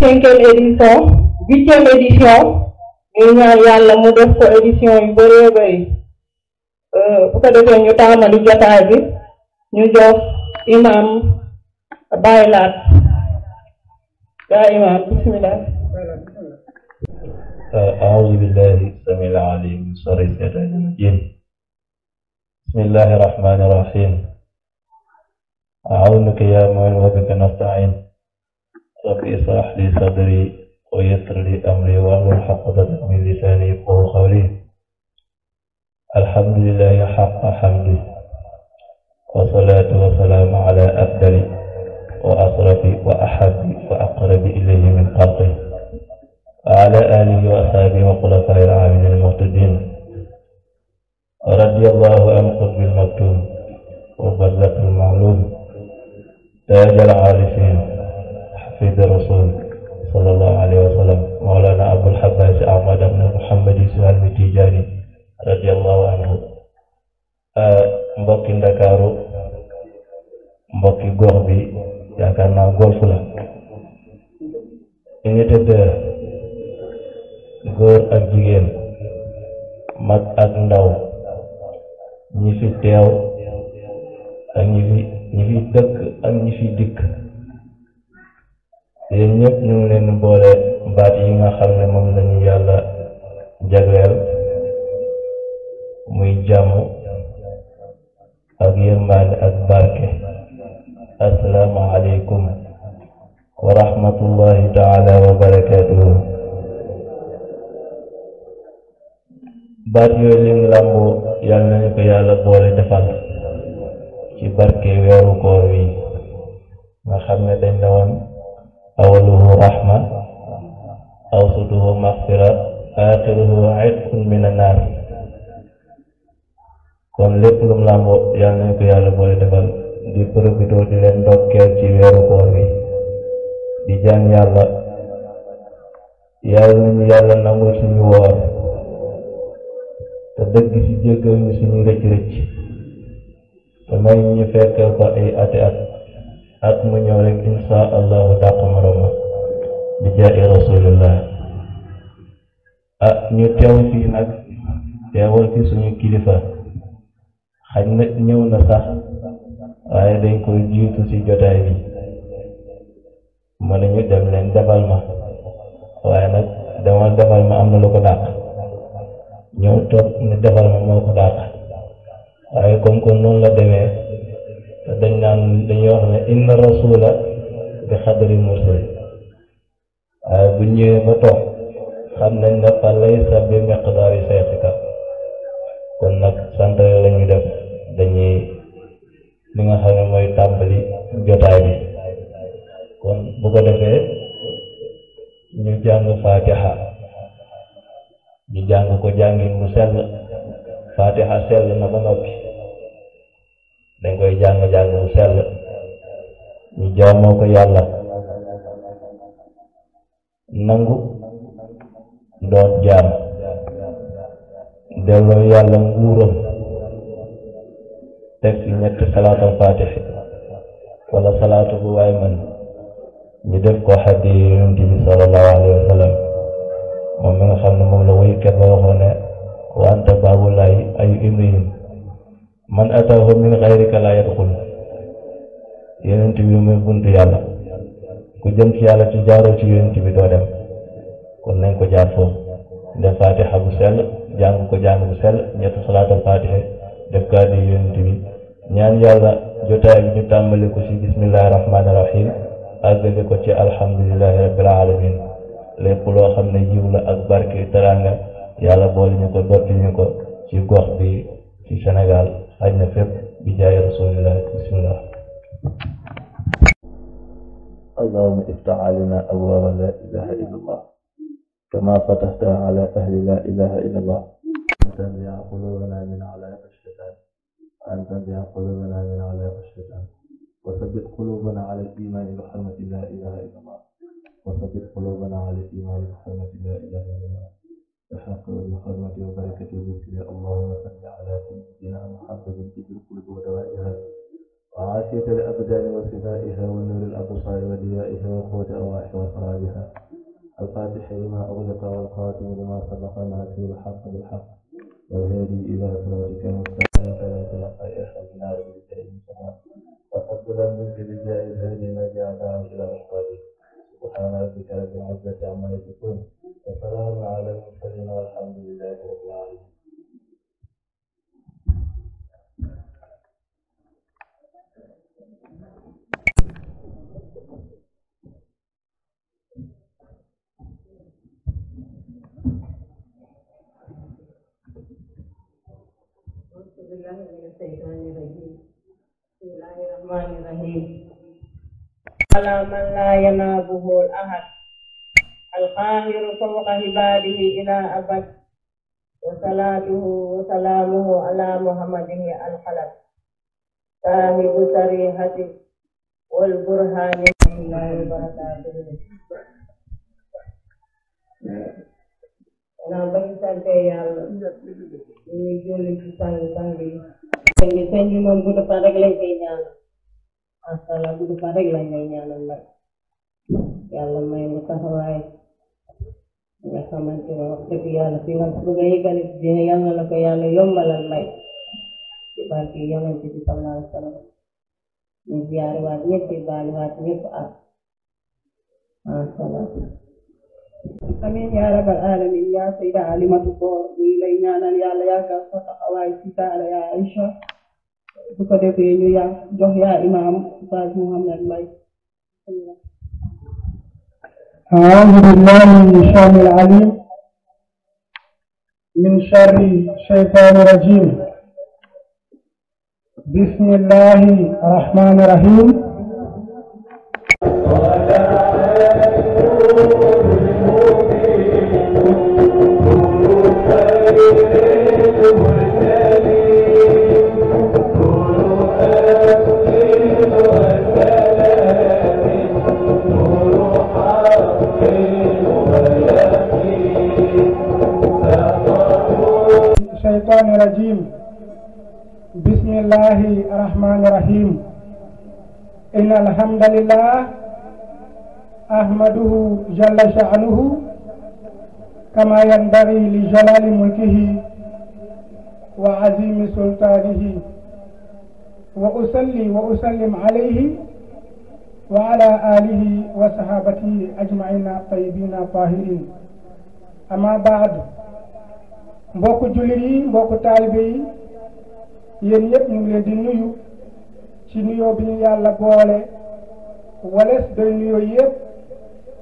cinquième édition huitième édition ñu ñaan yàlla mu def ko édition yu bëree bëri euh, bu ko defee ñu taamali jotaay bi ñu jox imam baylaat yaa imaam bismillah أعوذ بالله السميع العليم من شر الشيطان الرجيم بسم الله الرحمن الرحيم أعونك يا معين وبك نستعين رب اشرح لي صدري ويسر لي أمري واحلل عقدة من لساني يفقهوا قولي الحمد لله حق حمده والصلاة والسلام على أفضل وأقرب وأحب وأقرب إليه من خلقه وعلى آله وأصحابه وخلفاء العاملين المهتدين رضي الله عن قطب المكتوم وبرزق المعلوم تاج العارفين حفيد الرسول صلى الله عليه وسلم مولانا أبو الحباس أحمد بن محمد سلام التجاني رضي الله عنه mbokki Ndakaaru mbokki gox bi yaakaar naa golf la unité deux góor ak jigéen mag ak ndaw ñi fi teew ak ñi fi ñi fi dëkk ak ñi fi dikk yéen ñëpp ñu ngi boole baat yi nga xam ne moom lañu yàlla jagleel muy jàmm ak yërmaande ak barke assalaamu aleykum wa rahmatullahi taala wa yooyu lim làmbu yàlla nañu ko yàlla boole defal ci barke weeru koor wi nga xam ne dañ la woon awaluhu rahma awsutuhu maxfira axiruhu itqun kon lépp lum làmbu yàlla nañu ko yàlla boole defal di profitoo di leen ndokkeel ci weeru koor bi di jaam yàlla yàlla nañu yàlla nangul suñu woor te dëgg ci jéggal suñu rëcc rëcc te may ñu fekkee ko ay ati at at mu ñëw rek insha allahu dàq moroma bi jaay rasulillah ah ñu teew fii nag teewal fi suñu kilifa xaj na ñëw na sax waaye dañ koy jiitu ci jotaay bi ma ne ñu dem leen defal ma waaye nag dama defal ma am na lu ko dàq ñëw toog ne defal ma moo ko dàq waaye comme que noonu la demee te dañ naan dañuy wax ne inna rasula bi xadri mursal waaye bu ñëwee ba toog xam nañ ne fa laysa bi miqdaari sayxika kon nag sant lañu def li nga xam ne mooy tàmbali jotaay bi kon bu ko defee ñu jàng faatiha ñu jàng ko jàngin mu sell faatiha sell na ba noppi dañ koy jàng-jàng mu sell ñu jaamoo ko yàlla nangu doon jaam delloo yàlla nguuram teg ci ñetti salaatul faatihi salaatu bu waay man ñu def ko xaddi yonent bi sallallahu alayhi wa sallam moom mi xam ne moom la woykat ba waxoon ne man ataahu min xayrika laa yadxul bi muy buntu yàlla ku jëm ci yàlla ci jaaroo ci yonent bi doo dem kon nañ ko jaar foofu def faatiha bu sell jàng ko jàng bu sell ñetti salaatul faatihi jokkaat yi yonent bi ñaan yàlla jotaay bi ñu tàmbali ko ci bismillahi rahmaani rahim àggale ko ci alhamdulillahi rabbil alamin lépp loo xam ne yiw la ak barke teraanga yàlla boole ñu ko doppi ñu ko ci gox bi ci Sénégal xaj na fépp bi jaay rasulillah bismillah allahumma iftah alina abwaaba la ilaha illa kama fatahta ala la ilaha illa أن تنزع قلوبنا من علائق الشيطان أن تنزع قلوبنا من علائق الشيطان وثبت قلوبنا على الإيمان بحرمة لا إله إلا الله وثبت قلوبنا على الإيمان بحرمة لا إله إلا الله بحق بالحرمة وبركة ذكر اللهم صل على سيدنا محمد في القلوب ودوائها وعافية الأبدان وصفائها ونور الأبصار وديائها وقوة أرواح وخرابها الفاتح لما أغلق والقاتم لما سبق الناس بالحق بالحق والهادي إلى صراطك المستقيم فلا تلقى يشرب النار بالكريم سماء وتفضلا منك بجاء الهادي ما جعلها إلى أحوالك سبحان ربك رب العزة عما يصفون وسلام على المرسلين والحمد لله رب الشيطان الرجيم بسم الله الرحمن الرحيم على من لا ينابه الأحد القاهر فوق عباده إلى أبد وصلاته وسلامه على محمده الخلق صاحب صريحته والبرهان الله وبركاته Kenapa kita kayak ini julid sang sang sëñ bi sëñ bi moom gudd fan rek lañ koy ñaanal macha allah gudd fan rek lañ koy may mu taxawaay nga xamante ne wax dëgg yàlla fi nga bëgg a yëgale dina yàlla la ko yàlla yombalal may ci barke yonent bi sallallahu alayhi wa sallam ñu ziyaare waat ñëpp di baal waat ñëpp ak macha amin yaa rabal alamin yaa sayda alimatu koor ñu ngi lay ñaanal yàlla yaakaar sa taxawaay ci daara yaa Aïcha su ko defee ñu yaa jox yaa imaam Oustaz Mouhamed Mbaye أعوذ بالله من الشيطان العليم من شر الشيطان الرجيم بسم الله الرحمن الرحيم الشيطان الرجيم بسم الله الرحمن الرحيم إن الحمد لله أحمده جل شأنه كما ينبغي لجلال ملكه وعظيم سلطانه وأصلي وأسلم عليه وعلى آله وصحابته أجمعين طيبين طاهرين أما بعد mbokku jullit yi mbokku taalibe yi yéen yépp ñu ngi leen di nuyu ci nuyoo bi ñu yàlla boole walees doy nuyoo yépp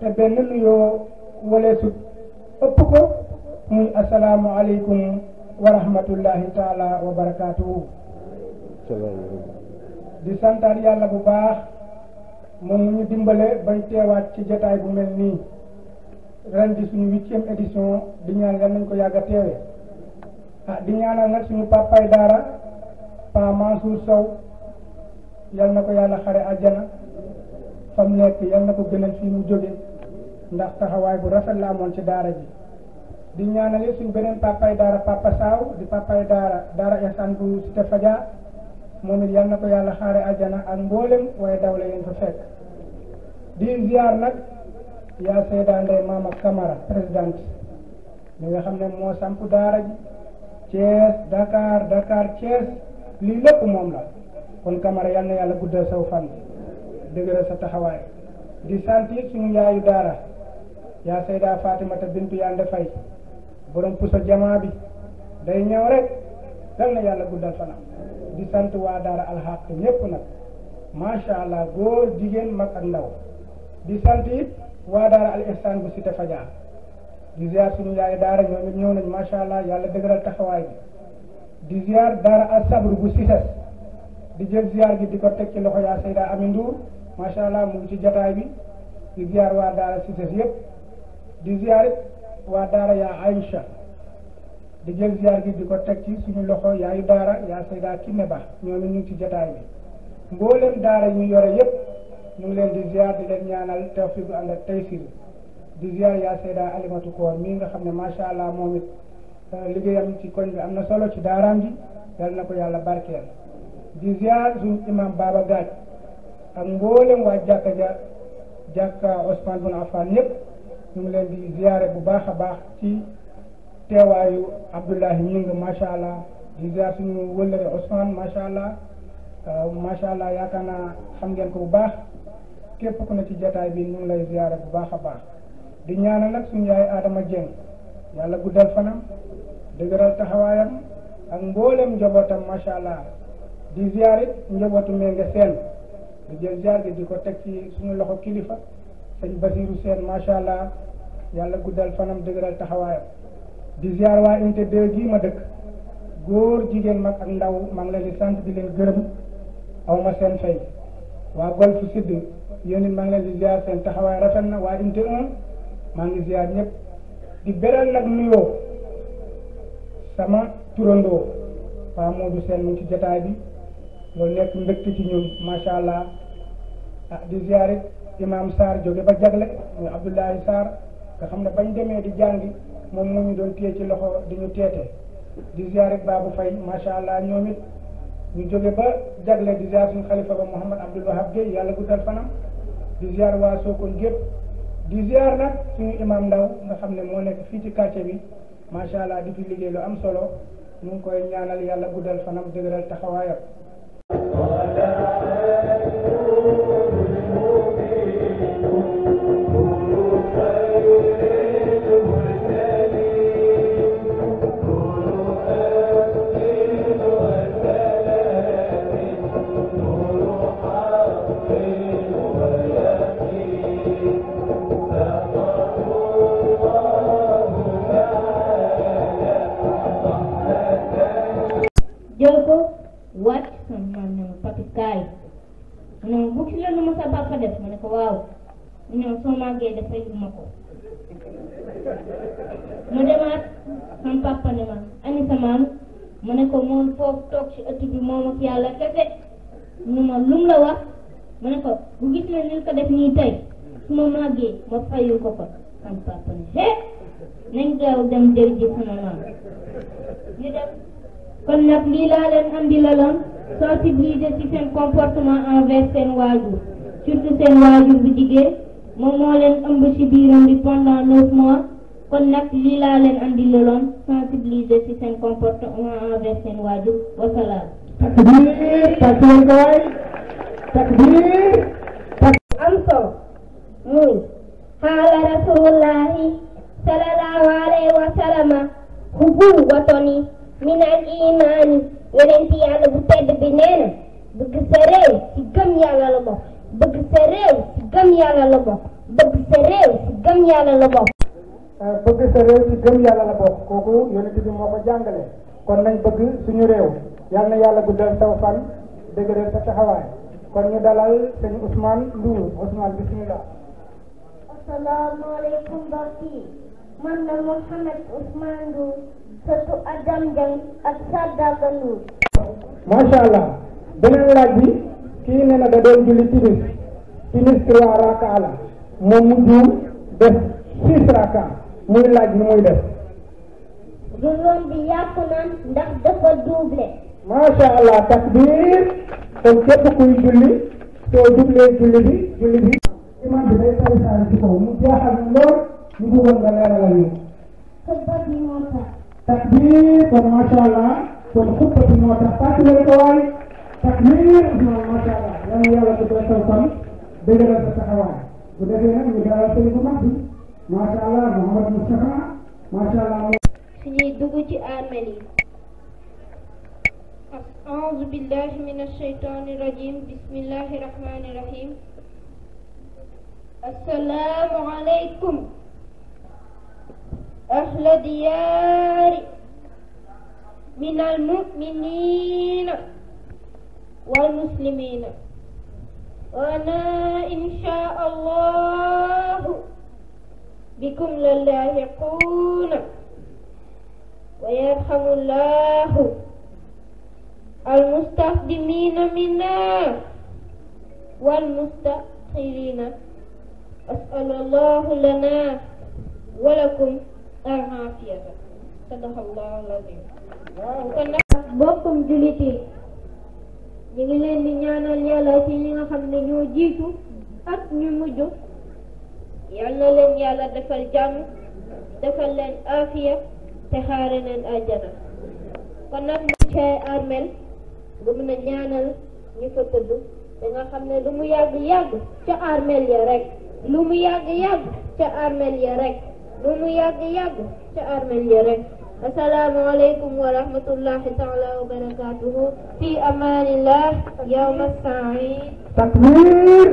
te benn nuyoo ëpp ko muy asalaamu aleykum wa rahmatullahi wa barakaatuhu di santaat yàlla bu baax moom ñu dimbale bañ teewaat ci jotaay bu mel nii ren di suñu huitième édition di ñaan yal nañ ko yàgg a teewe ah di ñaanal nag suñu papay daara pa Mansour Sow yal na ko yàlla xare àjjana fam nekk ko gënal fii mu ndax taxawaay bu rafet la amoon ci daara ji di ñaanale suñ beneen papay daara papa saaw di papay daara daara ihsan bu cité fadia moom it yal ko yàlla xaare aljana ak mboolem waaye dawle yéen fa fekk di ziar nag yaa seeda ndey maama Camara présidente mi nga xam ne moo samp daara ji Thiès Dakar Dakar Thiès lii lépp moom la kon Camara yal yàlla guddal saw fan dëgëral sa taxawaay di sant suñu yaayu daara yaa sayda fatimata bintu yande fay borom puso jamaa bi day ñëw rek dal na yàlla guddal fanam di sant waa daara alxaq ñépp nag macha allah góor jigéen mag ak ndaw di sant it waa daara al bu cité Fadia di suñu yaay daara ñoom ñëw nañ macha allah yàlla dëgëral taxawaay bi di ziar daara al sabr bu cité di jël ziar gi di ko teg ci loxo yaa seydaa Ami Ndour macha allah mu ngi ci jataay bi di ziar waa daara cité yépp di ziar waa daara yaa Aïcha di jël ziar gi di ko teg ci suñu loxo yaayu daara yaa Seyda Kiné Ba ñoom ñu ngi ci jotaay bi mboolem daara ñu yore yépp ñu ngi leen di ziar di leen ñaanal tawfiq ànd ak taysir di ziar yaa Seyda Alimatu Koor mii nga xam ne macha allah moom it euh, liggéeyam ci koñ bi am na solo ci daaraam ji yal na ko yàlla barkeel di ziar suñu imam Baba Gaaj ak mboolem waa jàkka ja jàkka Ousmane Bun Affan ñëpp. ñu ngi leen di ziare bu baax a baax ci teewaayu Abdoulahi Ñing macha allah di ziar suñu wëllëre Ousmane macha allah euh, macha allah yaakaar naa xam ngeen ko bu baax képp ku ne ci jataay bi ñu ngi lay ziare bu baax a baax di ñaanal nag suñu yaay Adama Dieng yàlla guddal fanam dëgëral taxawaayam ak mboolem njabootam macha allah di ziare njabootu Mbengue Sène di jël ziar gi di ko teg ci suñu loxo kilifa. sëñ Basiiru Seen macha allah yàlla guddal fanam dëgëral taxawaayam di ziar waa unité 2 ma dëkk góor jigéen mag ak ndaw maa ngi leen di sant di leen gërëm aw ma seen fay waa Golf Sud yéen it maa ngi leen seen taxawaay rafet na waa unité 1 maa ngi ziar ñëpp di beral nag nuyoo sama turandoo waa Modou Seen mu ci jotaay bi loolu nekk mbégte ci ñun macha allah ah imaam saar jóge ba jagle muy Abdoulaye Sarr nga xam ne bañ demee di jàngi moom mu ñu doon téye ci loxo di ñu teete di ziar ak Babou Faye macha allah ñoom it ñu jóge ba jagle di ziar xalifa ba Mouhamad Abdoul Wahab Gueye yàlla guddal fanam di ziar waa Sokone gépp di ziar nag suñu imaam ndaw nga xam ne moo nekk fii ci quartier bi macha allah di fi liggéey lu am solo ñu ngi koy ñaanal yàlla guddal fanam dëgëral taxawaayam. soo màggee dafay ma ko mu demaat sama papa ne ma ani sa maam mu ne ko moom foofu toog ci ëtt bi moom ak yàlla kese ñu ma lum la wax mu ne ko bu gis ne ni ko def nii tey su ma ma fayu ko ko sama papa ne hé nañ gaaw dem dër ji maam ñu dem kon nag lii laa leen andi la loon sensibiliser ci seen comportement envers seen waajur surtout seen waajur bu jigéen moom moo leen ëmb ci biiram bi pendant neuf mois kon nag lii laa leen andi looloon sensibiliser ci seen comportement envers seen waajur wasalaam. takbir takbir waay takbir am solo muy xaala rasulullahi sallallahu alayhi wa sallama xubu watoni min al imaani yeneen ci yàlla bu tedd bi nee na bëgg sa réew ci gëm yàlla la bokk bëgg sa réew gëm yàlla la bokk bëgg sa réew ci gëm yàlla la bokk. Euh, bëgg sa réew ci gëm yàlla la bokk kooku yonent bi moo ko jàngale kon nañ bëgg suñu réew yal na yàlla guddal saw fan dëgëral sa taxawaay kon ñu dalal sëñ Ousmane Ndour Ousmane bismillah. asalaamaaleykum mbokk yi man la Mouhamed Ousmane Ndour sëtu Adam Dieng ak Sadaka Ndour. macha allah beneen laaj bi kii na da doon julli timis timis trois raka la moom mu juum def six raka muy laaj nu muy def juróom bi yàqu na ndax dafa doublé macha allah takbir kon képp kuy julli soo jublee julli bi julli bi imaam bi day sari sari ci kaw mu jaaxal lool ñu bëggoon nga leeralal ñu xutba bi moo tax takbir kon macha allah kon xutba bi moo tax fàttali ko waay takbir macha allah yàlla yàlla du ko dëgëral sa taxawaay bu defee nag ñu dalal sëñ bu mag bi macha allah Mouhamad Moustapha macha allah. suñuy dugg ci armeel yi. أعوذ بالله من الشيطان الرجيم بسم الله الرحمن الرحيم السلام عليكم أهل ديار من المؤمنين والمسلمين وأنا إن شاء الله بكم للاحقون ويرحم الله المستقدمين منا والمستأخرين أسأل الله لنا ولكم العافية صدق الله العظيم. boppam jullit yi ñu ngi leen di ñaanal yàlla ci ñi nga xam ne ñoo jiitu ak ñu mujj yal leen yàlla defal jàmm defal leen aafiya te xaare leen àjjana kon nag mu armeel armel mu na ñaanal ñu fa tëdd da nga xam ne lu mu yàgg yàgg ca armel ya rek lu mu yàgg yàgg ca armel ya rekk lu mu yàgg asalaamualeykum wa rahmatullahi taala wa barakatuhu fi amaanillah yawma said takbir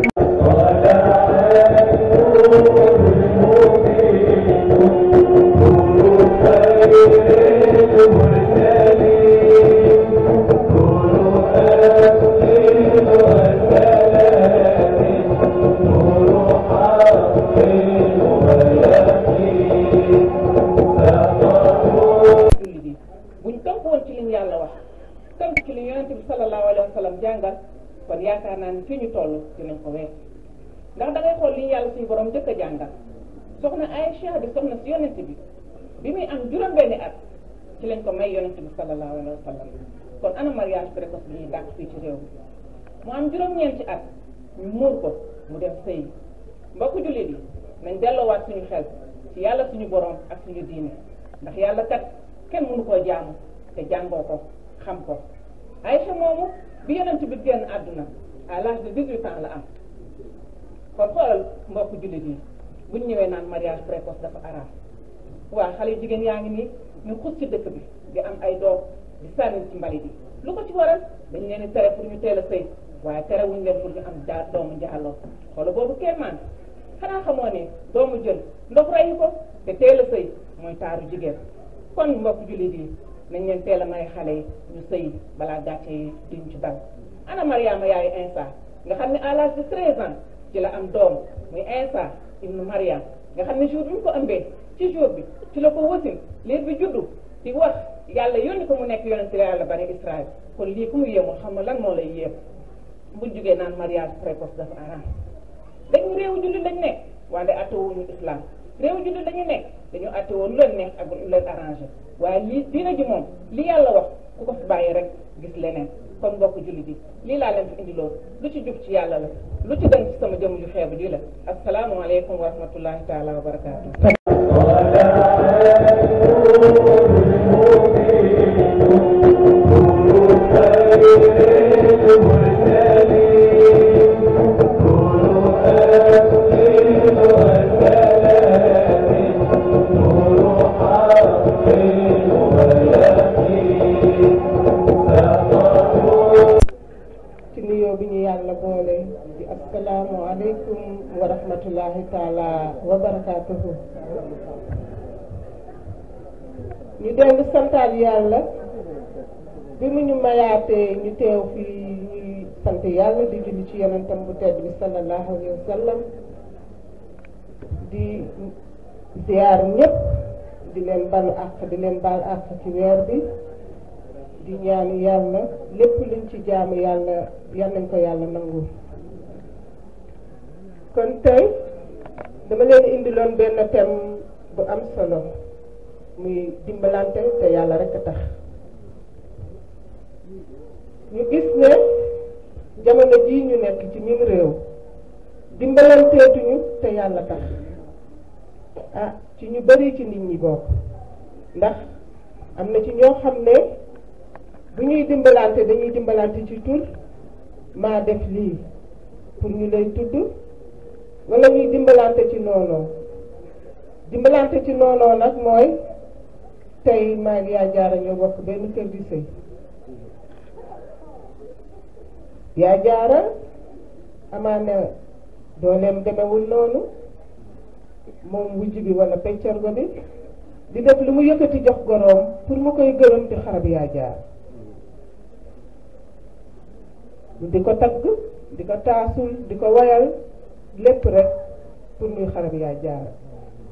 taxaw xoola boobu kéemaan xanaa xamoo ne doomu jël ndox reyu ko te teel sëy mooy taaru jigéen kon mbokk jullit yi nañ leen teel a may xale yi ñu sëy balaa gàcce yi duñ ci dal ana Mariama yaayu Insa nga xam ne à l'âge de 13 ci la am doomu muy Insa ibnu Mariam nga xam ne jour bi ñu ko ëmbee ci jour bi ci la ko wasin liir bi juddu di wax yàlla yónni ko mu nekk yoon yonent yàlla bari Israël kon lii ku mu yéemul xam nga lan moo lay yéem bu jugee naan mariage précoce dafa araam dañu réewu jullit lañ nekk waaye attewuñu islam réewu jullit lañu nekk dañu attewoo lu leen nekk ak leen arrangé waaye lii diina ji moom li yàlla wax ku ko fi bàyyi rek gis leneen kon bokk jullit yi lii laa leen fi indiloo lu ci jub ci yàlla la lu ci dëng ci sama jëm ju xeebu ji la asalaamualeykum wa rahmatullahi taala wa barakaatu. santaat yàlla bi mu ñu mayaatee ñu teew fii ñuy sant yàlla di julli ci yonentam bu tedd bi sallallahu alayhi wa sallam di ziar ñëpp di leen balu àq di leen bal àq ci weer bi di ñaan yàlla lépp luñ ci jaamu yàlla yal nañ ko yàlla nangul kon tey dama leen indiloon benn thème bu am solo muy dimbalante te yàlla rek a tax ñu gis ne jamono jii ñu nekk ci mim réew dimbalanteetuñu te yàlla tax ah ci ñu bari ci nit ñi bokk ndax am na ci ñoo xam ne bu ñuy dimbalante dañuy dimbalante ci tur maa def lii pour ñu lay tudd walla ñuy dimbalante ci noonoo dimbalante ci noonoo nag mooy tey maa ngi yaa jaara ñoo bokk benn kër di sëy yaa jaara amaana dooleem demewul noonu moom wujj bi wala peccorgo bi di def lu mu yëkkati jox goroom pour mu koy gërëm di xarab yaa jaar di ko tagg di ko taasul di ko wayal lépp rek pour muy xarab yaa jaar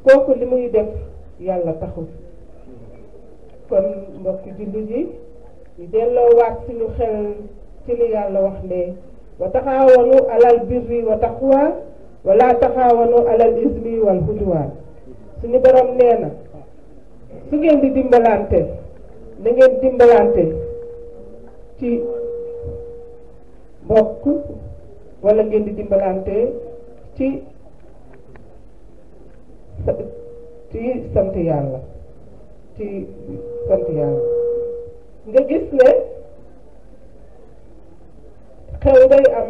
kooku li muy def yàlla taxul kon mbokk jullit yi ñu delloowaat suñu xel ci li yàlla wax ne wa taxaawanu alal birri wa taqwa wala taxaawanu alal ismi wal udwaan suñu borom nee na su ngeen di dimbalante na ngeen dimbalante ci mbokk wala ngeen di dimbalante ci ci sant yàlla ci sant yàlla nga gis ne xew day am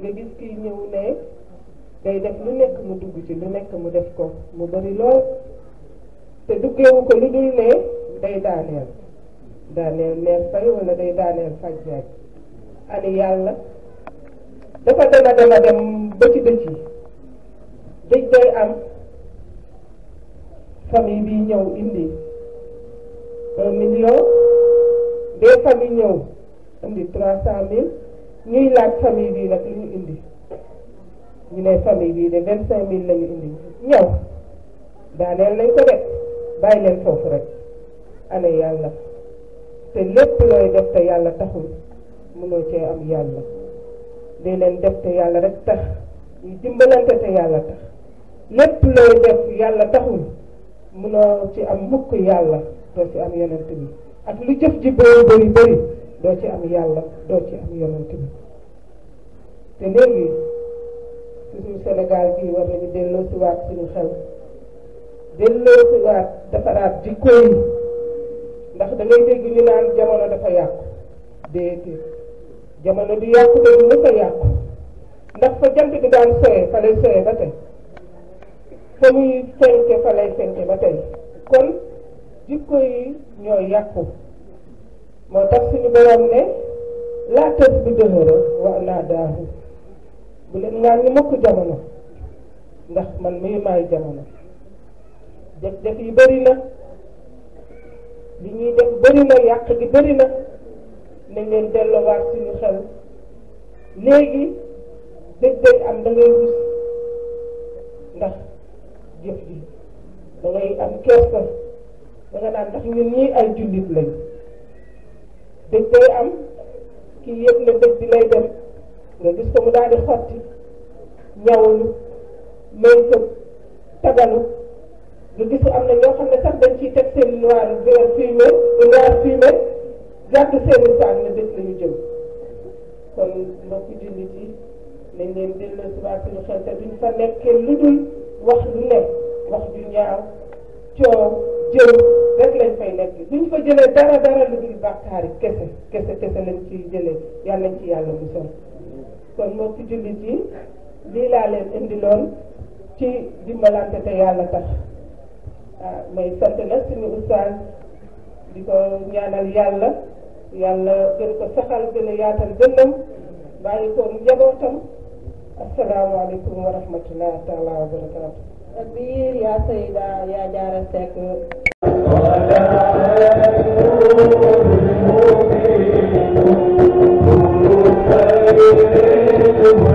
nga gis kiy ñëw ne day def lu nekk mu dugg ci lu nekk mu def ko mu bari lool te duggeewu ko lu ne day daaneel daaneel neer fay wala day daaneel fajjaaj ani yàlla dafa dem ba ci dëj yi dëj day am famille bi ñëw indi un million des familles ñëw indi trois cent mille ñuy laaj famille bi nag li indi ñu ne famille bii de vingt cinq mille la ñu indi ñëw daaneel lañ ko def bàyyi leen foofu rek ana yàlla te lépp looy def te yàlla taxul mënoo cee am yàlla day leen def te yàlla rek tax ñu dimbalante te yàlla tax lépp looy def yàlla taxul munoo ci am mukk yàlla doo ci am yonent bi ak lu jëf ji bëri bëri bëri doo ci am yàlla doo ci am yonent bi te léegi suñu Sénégal bii war nañu delloo si waat suñu xel delloo si waat defaraat jikko yi ndax da dégg ñu naan jamono dafa yàqu déedéet jamono du yàqu te a yàqu ndax fa jant bi daan soye fa lay ba tey fa ñuy fenke fa lay fenke ba tey kon jikko yi ñoo yàqu moo tax suñu borom ne laa tës bu dëhëra wa laa daahu bu leen ngaan ni mokk jamono ndax man muy maay jamono jëf-jëf yi bëri na li ñuy def bëri yàq gi bëri na nañ leen delloowaat suñu xel léegi dëj dëj am da ngay ndax jëf ji da ngay am kersa da nga naan ndax ñun ñii ay jullit lañ dëj day am kii yëpp na dëj bi lay dem nga gis ko mu daal di xotti ñawlu may ko tagalu nga gis am na ñoo xam ne sax dañ ciy teg seen noir gërëm fumier noir fumier gàddu seeni saag na dëj lañu jëm kon mbokk jullit yi nañ leen delloo si waat suñu te duñ fa nekkee lu dul wax lu nekk wax ju ñaaw coow jëw rek lañ fay nekk duñ fa jëlee dara dara lu dul bàkkaari kese kese kese lañ ciy jëlee yàlla nañ ci yàlla mu sol kon mbokk jullit yi lii laa leen indiloon ci dimbalante te yàlla tax ah, may sant nag suñu ustaas di ko ñaanal yàlla yàlla gën ko saxal gën a yaatal gënnam bàyyi ko njabootam asalaamaaleykum wa rahmatulah taala wa barakaatu. biir yaa sayda yaa jaara sekk. Thank you.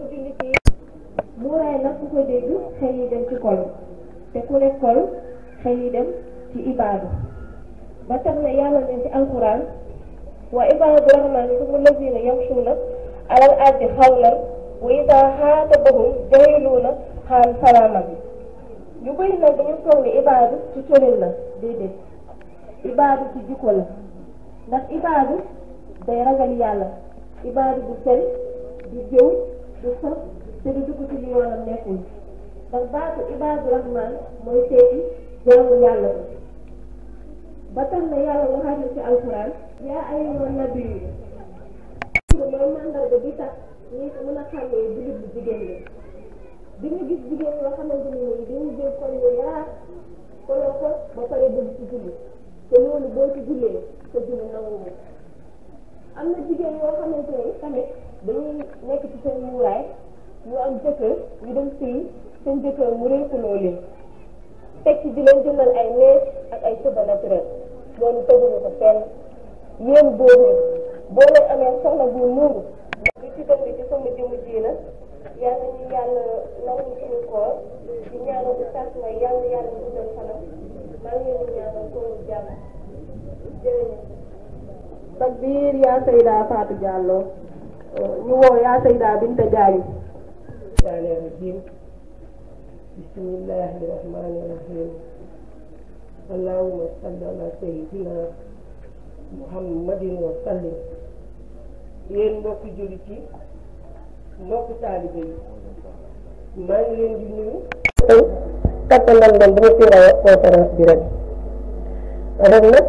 mbokk jullit yi muuraay nag ku ko dégg xel dem ci kol te ku ne kol xel dem ci ibaadu ba tax na yàlla ne ci alquran wa ibaadu rahmaani hum allazina yamshuuna alal ardi xawlan wa idaa xaatabahum jaahiluuna xaal salaaman ñu bëri nag dañu foog ne ibaadu ci colin la déedéet ibaadu ci jikko la ndax ibaadu day ragal yàlla ibaadu bu sel di jëw du sos te du dugg ci li yoonam nekkul ndax baatu ibaadu rahman mooy seeti jaamu yàlla bi ba tax na yàlla waxaat na ci alxuraan yaa ayyuhan nabiyyu mooy màndarga bi tax nit mën a xàmmee jullit bu jigéen la bi ñu gis jigéen yoo xamante ni nii dañu jël kon yu yaa koloo ko ba pare dugg ci julli te loolu boo ci jullee sa julli nangu am na jigéen yoo xamante ni tamit dañuy nekk ci seen muuraay ñu am jëkkër ñu dem sëy seen jëkkër mu réekuloo leen teg ci di leen jëndal ay nees ak ay cheveux naturel loolu teguñu ko fenn yéen góor ñi boo leen amee soxla bu muuru li ci dëkk ci sama jëmu ji la yàlla ñu yàlla nangu suñu koor di ñaanal ustaas may yàlla yàlla ñu dal fanam maa ngi leen di ñaanal kooru jàmm jërëjëf takbir yaa Seyda Fatou Diallo ñu woo yaa Seyda Binta Diagne saani rajim bismillahi rahmani rahim allahumma salli ala sayyidina muhammadin wa sallim yéen mbokki jullit yi mbokki taalibe yi maa ngi leen di nuyu tey kattanal man bu ma fi rawee conférence bi ren ren nag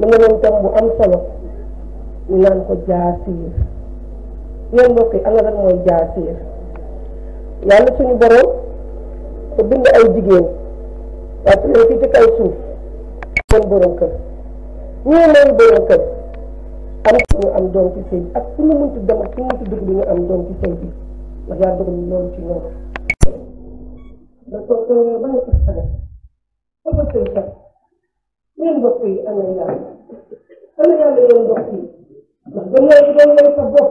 mu ne bu am solo ñu naan ko jaasiir yéen mbokk yi ana lan mooy jaasiir yàlla suñu borom ba bind ay jigéen parce que fii ci kaw kër ñii loolu borom kër am ñu am doom ci sëy bi ak fu ñu mënti dem ak fu ñu ñu am doom ci sëy bi ndax yaa loolu ci ñoom da ko ba nga ko sax yéen mbokk yi ana yàlla ana yàlla yéen mbokk yi ndax dañoo doon may sa bopp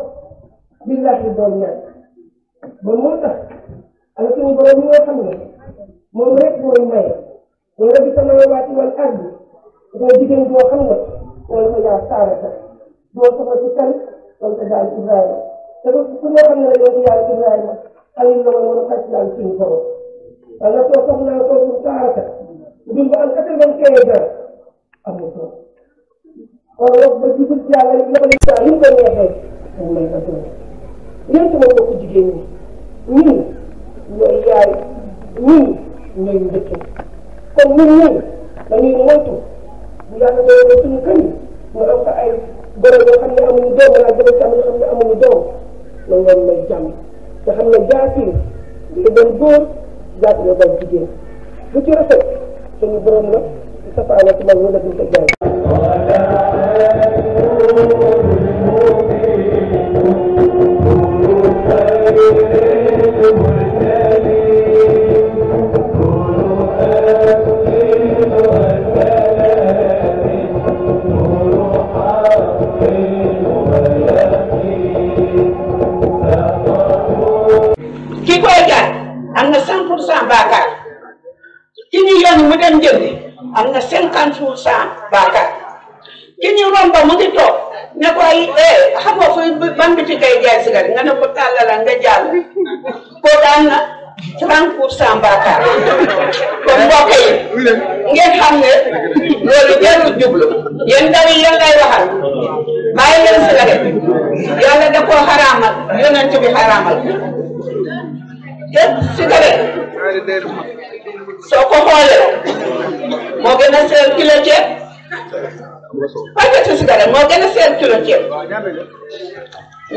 billaahi doon ñaan ba moo tax ala suñu borom ñoo xam ne moom rek mooy maye wala bi sama waati wal ardi dafa jigéen boo xam ne wala ko yaa saara sax boo soxla ci kan wala ko daal Ibrahima dafa ku ñoo xam ne la yow yaa Ibrahima xalil la wala faj daal suñu borom wala soo soxlaa kooku saara sax du ba am quatre-vingt-quinze heures am na solo kon wax ba ci biir ko neexee li ko neexee moom may ko doon jigéen ñi ñun ñooy yaay ñun ñooy njëkk kon ñun ñun dañuy moytu bu yàlla doon suñu kër yi mu am fa ay xam ne amuñu doom wala góor yoo xam ne amuñu doom loolu loolu may jàmm nga xam ne استطعنا مولودة تجاهل ki koy jaay am na cent pour cent baakaar ki ñu yoon mu dem jëndi am na cinquante pour cent baakaar ki ñu romb mu ngi toog ne ko ay eh, xam nga fu ban bi ci kay jaay sigari nga ne ko tàllala nga jàll ko daan na trente pour cent baakaar kon mbokk yi ngeen xam loolu jarul jublu yéen ndaw yi yéen lay waxal bàyyi leen sigari yàlla da koo xaraamal yonent bi xaraamal te sigari soo ko xoolee moo gën a seer kilo ceeb paquetu sukar moo gën a seer kilo ceeb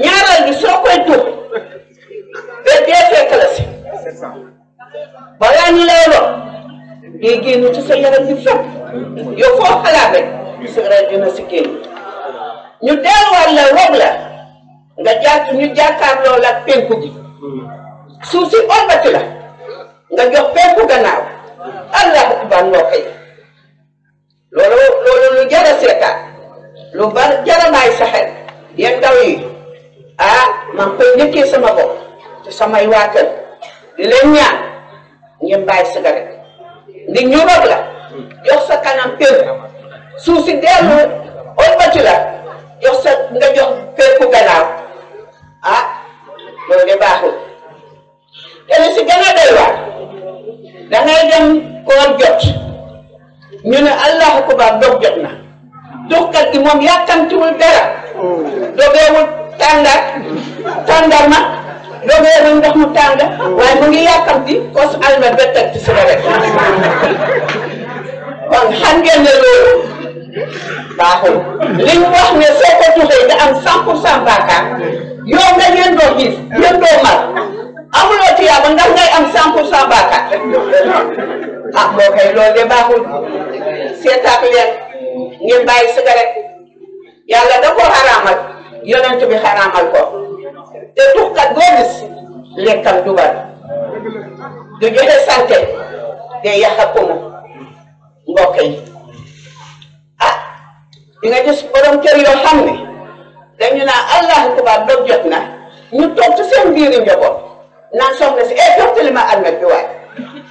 ñaareel gi soo koy tuub ba dee fekk la si balaa ñu lay lor day génn ci sa yaram bi fépp yow foo xalaat rek sukar dina si génn ñu delluwaat la rob la nga jàkk ñu jàkkaarloo la ak penku ji suuf si la nga jox fépp gannaaw allahu akbar mbokk yi loolu loolu lu jar a lu bar jar a bàyyi sa xel yéen ndaw yi ah maa ngi koy sama bopp te samay waa kër di leen ñaan ngeen bàyyi cigarette ndi ñu rob la jox sa kanam pér suuf si dellu la jox sa nga jox fépp gannaaw ah loolu de te li si gën a doy waar da dem koor jot ñu ne allahu akbar dog jot na dogkat gi moom yàkkamtiwul dara dogeewul tàngaat tàngar ma dogeewul ndox mu tàng waaye mu ngi yàkkamti kos alma bettak ci sira rek kon xam ne loolu baaxul li wax ne soo ko tuxee nga am cent pour cent bàkkaar yow nga ngeen doo gis ngeen doo mar amuloo tuyaaba ndax ngay am 100 pour cent baakaar ah, loolu de baaxul seetaat leen ngeen bàyyi cigarette yàlla da koo xaraamal yonent bi xaraamal ko te tuxkat boo gis lekkal dugal du joxe santé day yàq kumu mbokk yi ah di nga gis kër yoo xam ne dañu naan allah tubaab dog jot na ñu toog ci seen biiri njaboot. naan soxna si eh jox li ma almet bi waay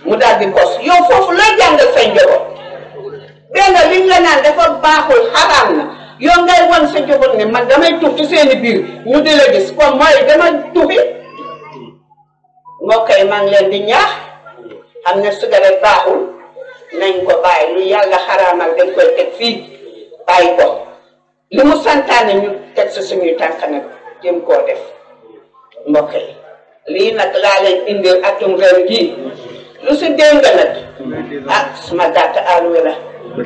mu daal di kos yow foofu looy jàngal sa njaboot benn liñ la naan dafa baaxul xaraam na yow ngay wan sa njaboot ni man damay tuuf ci seeni biir ñu di la gis kon mooy dama tuufi moo koy leen di ñaax xam ne sigaret baaxul nañ ko bàyyi lu yàlla xaraamal dañ koy teg fii bàyyi ko li mu santaane ñu teg si suñuy tànk nag jëm koo def mbokk lii nag laa leen indil atum ren jii lu si dégg nag ah suma gàtt àlluwa la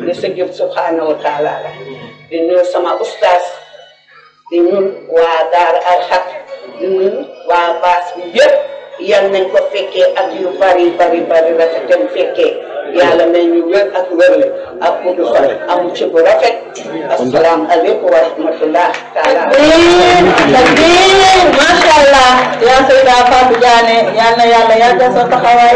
li si jub subhaanahu wa taala la di nuyu sama ustaas di ñun waa Daara Arxaq di ñun waa baas bi yëpp. yal nañ ko fekkee ak yu bari bari bari rafetem fekkee yàlla may ñu ak wérle ak gudd fan bu rafet asalaamaaleykum wa rahmatullah taala takbir masha allah yaa Seyda Fatou Diané yal na yàlla yàggal sa taxawaay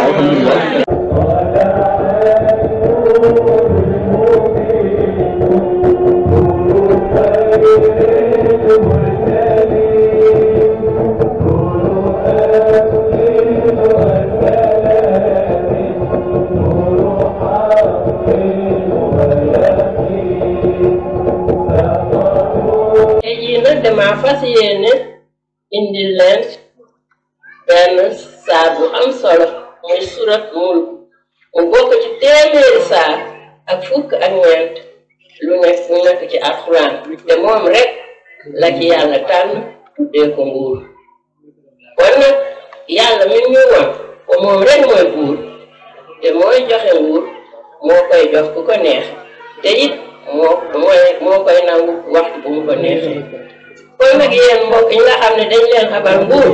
ma fas yéene indi leen benn saar bu am solo muy surat mulk mu bokk ci téeméeri saar fukk ak ñeent lu nekk mu nekk ci alxuraan te moom rek la ci yàlla tànn tuddee nguur kon nag yàlla mi ñu woon moom rek mooy buur te mooy joxe nguur moo koy jox ku ko neex te moo mooy moo koy nangu waxtu bu mu ko neexee kon nag yéen mbokk yi nga xam ne dañ leen xabar nguur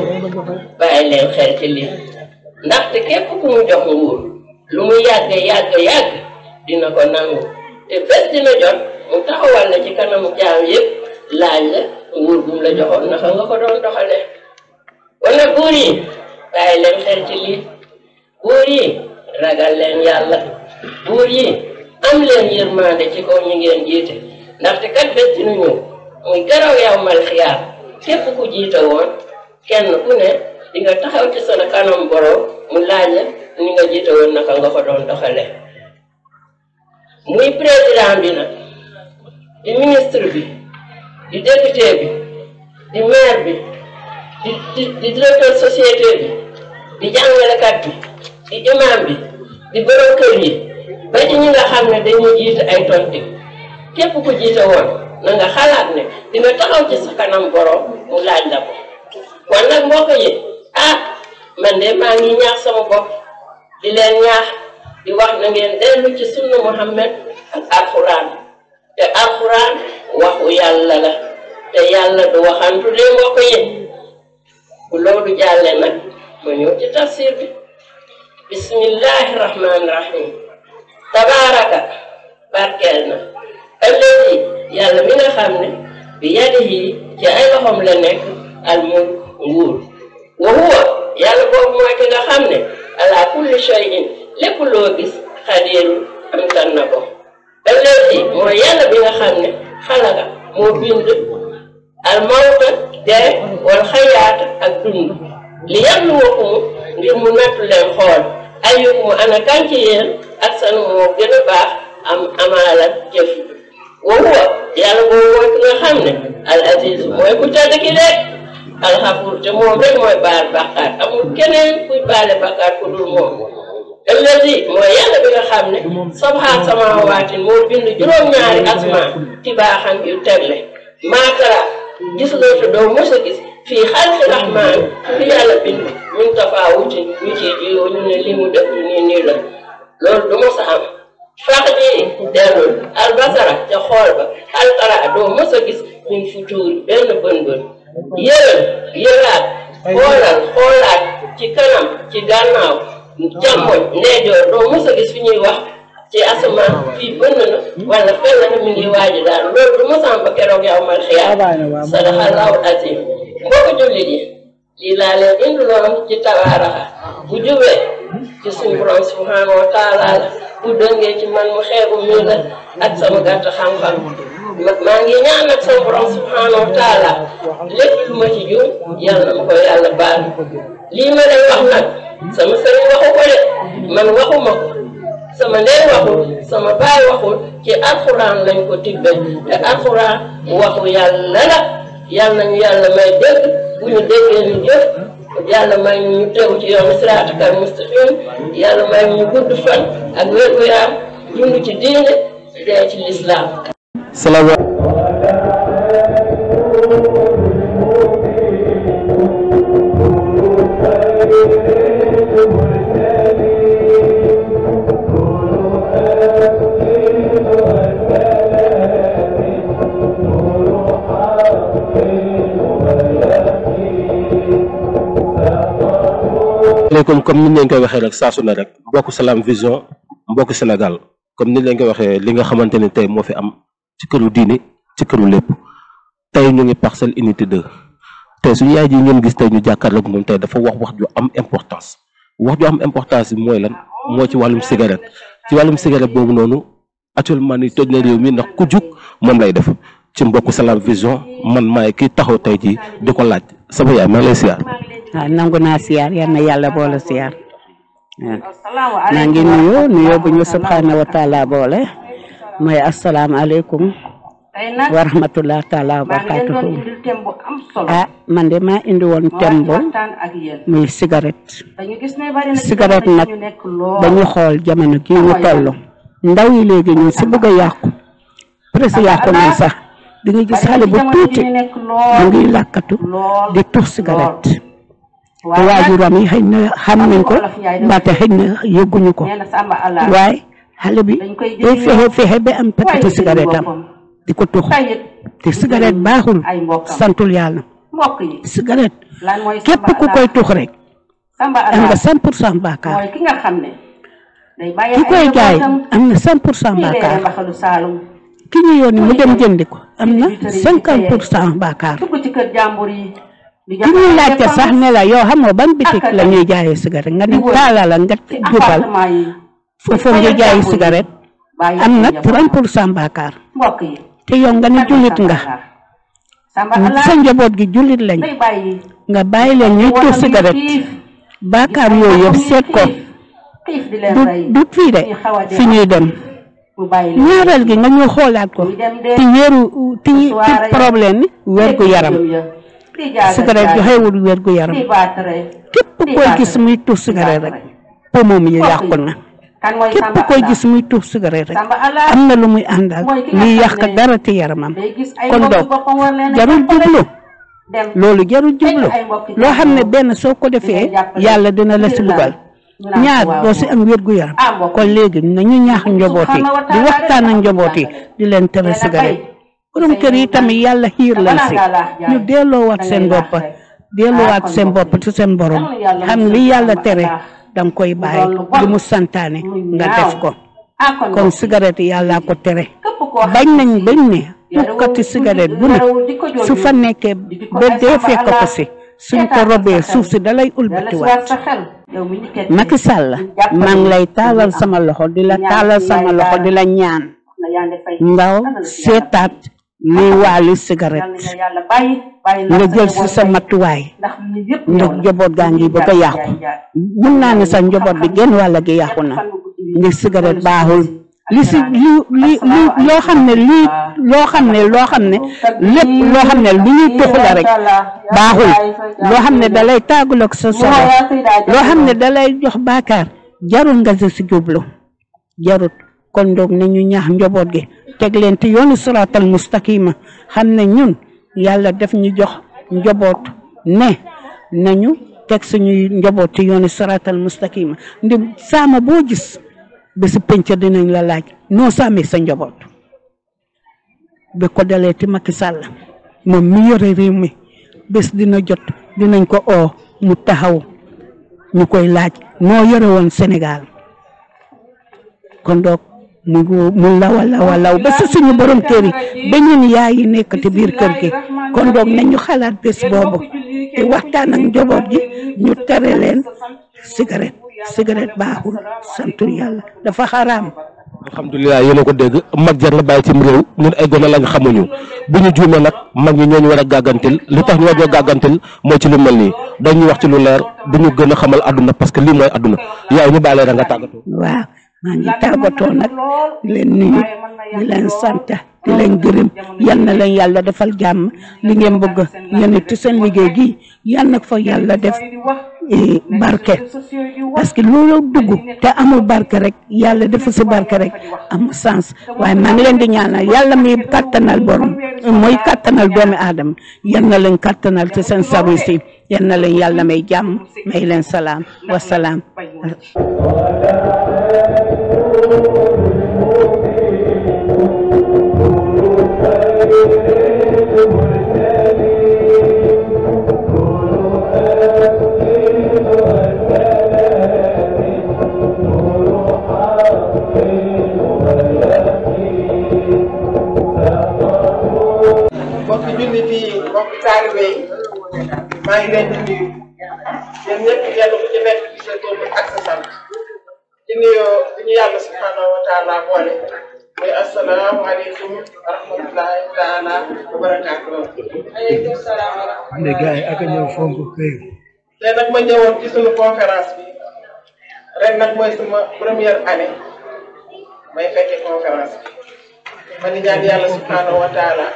bàyyi leen xel ci lii ndaxte képp ku mu jox nguur lu mu yàgg yàgg yàgg dina ko nangu te bés dina jot mu taxawal la ci kanamu jaam yëpp laaj la nguur bu mu la joxoon naka nga ko doon doxale kon buur yi bàyyi leen xel ci lii buur yi ragal leen yàlla buur yi am leen yërmande ci kaw ñi ngeen jiite ndaxte kat bés dina ñëw muy garaw yow mal xiyaar képp ku jiite kenn ku ne di nga taxaw ci sa kanam borom mu laaj ni nga jiite naka nga ko doon doxale muy président bi nag di ministre bi di député bi di maire bi di di di directeur société bi di jàngalekat bi di imam bi di borom ba ci ñi xam ne dañuy jiite ay tonti képp ku jiite na nga xalaat ne dina taxaw ci sa kanam borom mu laaj la ko kon nag mbokk yi ah man de maa ngi ñaax sama ko di leen ñaax di wax na ngeen dellu ci sunna Muhammad ak alxuraan te alxuraan waxu yàlla la te yàlla du waxantu de mbokk yi bu loolu jàlle nag ma ñëw ci tafsir bi bismillahi rahmaani rahim tabaaraka barkeel na alladi yàlla mi nga xam ne bi yadihi ci ay loxoom la nekk al mulk nguur wa huwa yàlla boobu mooy ki nga xam ne ala kulli shay'in lépp loo gis xadiiru am tan na ko alladi mooy yàlla bi nga xam ne xalaka moo bind al mawta dee wal xayaata ak dund li yabluwakum ngir mu nattu leen xool ayyukum ana kan ci yéen ak sanu moo gën a baax am amaala jëf wa huwa yàlla boobu mooy ki nga xam ne al aziz mooy ku tedd ki de alxafuur te moom rek mooy baal bàkkaar amul keneen kuy baale bàkkaar ku dul moom allazi mooy yàlla bi nga xam ne sabha samawaatin moo bind juróom-ñaari asmaan tibaaxan yu tegle maakara gis lootu doo mos a gis fii xalqi rahmaan fi yàlla bind min tafaawutin ñu ci juyoo ñu ne li mu def nii nii la loolu du mos a am faxdii derul albasara ca xool ba alqara doo mës a gis muy futuuri benn bën bën yëral yëraat xoolal xoolaat ci kanam ci gànnaaw càmmoñ ndeyjoor doo mës a gis fi ñuy wax ci asamaan fii bënn na wala fenn na mi ngi waaji daal loolu du mësam ba keroog yow mal xiyaar sadaxallaahu mbokk jullit yi lii indi loon ci tabaaraxa bu jubee ci suñu borom subhaanahu wa taala bu dëngee ci man mu xeebu mii la ak sama gàtt xam-xam maa ngi ñaan ak sama borom subhaanahu wa taala lépp lu ma ci juum yàlla ma ko yàlla baal lii ma lay wax nag sama sëriñ waxu ko de man waxuma ko sama ndey waxul sama baay waxul ci alxuraan lañ ko tibbe te alxuraan waxu yàlla la yàlla nañu yàlla may dégg bu ñu déggee ñu jëf yàlla may ñu ñu tegu ci yoonu siraatal mustaqim yàlla may ñu gudd fan ak wér gu yaram ci diine dee ci lislaam salaamaaleykum asalaamaaleykum comme ni ñu leen waxee rek saa su rek mbokku Salam Vision mbokku Sénégal comme ni leen koy waxee li nga xamante ni tey moo fi am ci këru diini ci këru lépp tey ñu ngi Parcelles Unité 2 tey suñu yaay ji ngeen gis tey ñu jàkkaarloog moom tey dafa wax wax ju am importance wax ju am importance bi mooy lan moo ci wàllum cigarette ci wàllum cigarette boobu noonu actuellement ni toj na réew mi ndax ku jug moom lay def ci mbokku Salam Vision man may kii taxaw tey ji di ko laaj sama yaay maa lay siyaar Ah, nangu naa siyaar yal na yàlla boole siyaar waaw ah. naa ngi nuyu bu ñu subhaana wa boole mooy asalaamaaleykum wa rahmatullah taala wa ah man de maa indi woon thème muy cigarette cigarette nag ba ñu xool jamono kii ñu toll ndaw yi léegi ñun si bëgg a yàqu presque yàqu nañ sax di nga gis xale bu tuuti mu ngi làkkatu di tux cigarette waajuram yi xëy na xam nañ ko mbaate xëy na yëgguñu ko waaye xale bi day fexe fexe ba am paquetu cigarette am di ko tux te cigarette baaxul santul yàlla cigarette képp ku koy tux rek am nga 100 pour cent bàkkaar ki koy jaay am na 100 pour cent bàkkaar ki ñu yoon mu dem jëndi ko am na 50 pour cent bàkkaar bi ñuy laajte sax ne la yow xam nga ban bitik la ñuy jaayee cigarette nga ne taala la nga jubal foofu nga jaayi cigarette am na 30 pour cent baakaar te yow nga ne jullit nga sa njaboot gi jullit lañ nga bàyyi leen ñuy tuur cigarette baakaar yooyu yëpp seet ko du du fii de fi ñuy dem ñaareel gi nga ñu xoolaat ko te wéru ti problème wér gu yaram sigaret joxewul wér gu yaram képp koy gis muy tuux sigaret rek poumon yi yàqu na képp koy gis muy tuux sigaret rek am na lu muy ànd ak muy yàq dara ci yaramam kon donc jarul jublu loolu jarul jublu loo xam ne benn soo ko defee yàlla dina la si bugal ñaar doo si am yaram ah, kon léegi nañu ñaax njaboot yi di waxtaan ak njaboot di leen tere sigaret borom kër yi tamit yàlla xiir lan si ñu delloowaat seen bopp delloowaat ah, seen bopp ci seen borom xam li yàlla tere dang koy bàyyi lu mu santaane nga def ko ah, kon cigarette yàlla ko tere bañ nañ bañ ne tukkati cigarette bu ne su fa nekkee ba dee fekk ko si suñ ko robee suuf si dalay ulbatiwaat Macky Sall maa ngi lay taalal sama ah. loxo di la taalal sama loxo di la ñaan ndaw seetaat luy waali cigarette nga jël si sa matuwaay ndax njaboot gaa ngi bëgg a yàqu mun naa ne sax njaboot bi genn wàll gi na ndax cigarette li si li li loo xam ne lii loo xam ne loo xam ne lépp loo xam ne lu ñuy tuxu rek baaxul loo xam ne dalay taagul ak sa solo loo xam ne dalay jox baakaar jarul nga si jublu jarut kon doog nañu ñaax njaboot gi teg leen ci yoonu siraatal mustaqima xam ne ñun yàlla def ñu jox njaboot ne nañu teg suñuy njaboot ci yoonu siraatal mustaqima ndi saama boo gis bésu penc dinañ la laaj noo saamee sa njaboot bi ko dalee ci Macky Sall moom mi yore réew mi bés dina jot dinañ ko oo mu taxaw ñu koy laaj noo yore woon Sénégal kon donc mu mu law a ba si suñu borom kër yi ba ñun yaay yi nekk ci biir kër gi kon doog nañu xalaat bés boobu te waxtaan ak njaboot gi ñu tere leen cigarette cigarette baaxul santu yàlla dafa xaraam. alhamdulilah yéen ko dégg mag jar na bàyyi cim réew ñun ay gone lañ xamuñu bu ñu juumee nag mag ñi ñooñu war a gàggantil lu tax ñu war a gàggantil mooy ci lu mel nii dañuy wax ci lu leer du ñu gën a xamal àdduna parce que lii mooy àdduna yaay ñu bàyyi la nga tàggatoo. waaw maa ngi tàggatoo nag di leen nuyu di leen sant di leen gërëm leen yàlla defal jàmm li ngeen bëgg yéen it seen liggéey gi yal na fa yàlla def eh, barke parce que loolu te amul barke rek yàlla defu si barke rek amul sens waaye maa ngi leen di ñaanal yàlla muy kattanal borom mooy kattanal doomi aadama yal na leen kattanal ci seen service yi. yal na leen yàlla may jàmm may leen salaam wasalaam ak a ñëw fonk këy. tey nag ma ñëwoon ci sunu conférence bi ren nag mooy suma première année may fekkee conférence ma di ñaan yàlla subhanahu wa taala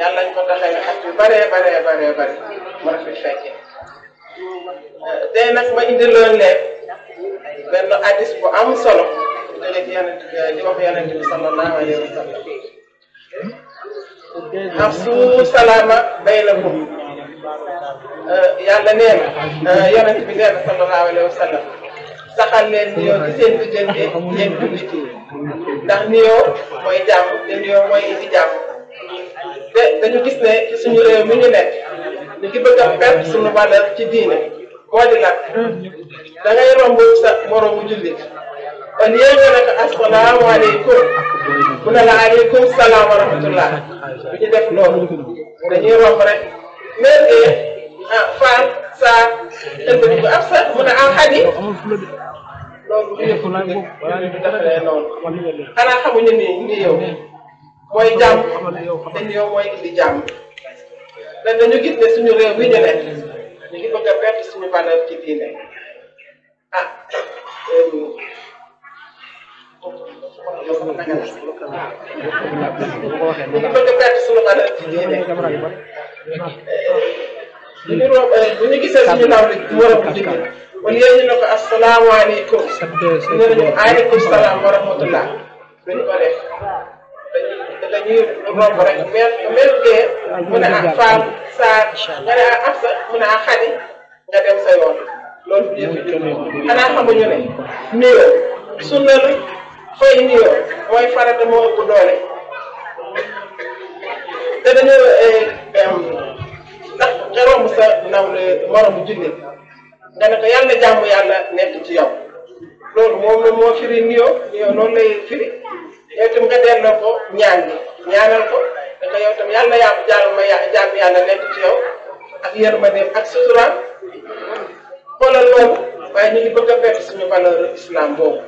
yàlla nañ ko taxawee at yu bare ma rafet fekkee tey nag ma indiloon leen benn hadis bu am solo jëlee ci yonent di wax yonent bi sallallahu alayhi wa sallam. xaf su Euh, yàlla nee na euh, yonent bi nee na sallallahu alayhi wa sallam saxal leen nuyoo ci seen diggante yéen jullit yi ndax nuyoo mooy jàmm te nuyoo mooy indi jàmm te dañu gis ne ci suñu réew mi ñu nekk ñu ngi bëgg a suñu valeur ci diine boo di nag da romb sa moroomu jullit kon yéen nga ne ko asalaamaaleykum mu ne la aleykum salaam wa rahmatullah bu ñu def loolu dañuy rek. léeg-léeg ah Faal Saar tënk ko ab sax mun a am xadi loolu yëpp yëpp defaree noonu xanaa xamuñu ni ni yow mooy jàmm te ni yow mooy indi jàmm dañ dañu gis ne suñu réew wi ñu ne ñu ngi bëgg a perte suñu valeur ci diine ah. bu ñu gisee suñu ndaw rek war a jigéen kon yéen ñu ne ko asalaamaaleykum ñu ne ñu aleykum salaam wa rahmatullah dañu ko def dañuy romb rek mel mel gee mu ne ah Fane Sarr nga ne ah Absa mu ne ah Xadi nga dem sa yoon loolu bu ñu xanaa xamuñu ne nuyoo sunna la fay nuyoo mooy farata moo ëpp doole te dañoo eh, nga romb sa naw eh, moromu jullit nga ne ko yàlla jàmm yàlla nekk ci yow loolu moom la moo firi nuyoo nuyoo noonu lay firi yow itam nga delloo ko ñaan bi ñaanal ko ne ko yow itam yàlla yàlla jàmm jàmm yàlla nekk ci yow ak yërmande ak sutura xoolal loolu waaye ñu ngi bëgg a fekk suñu valeur islam boobu.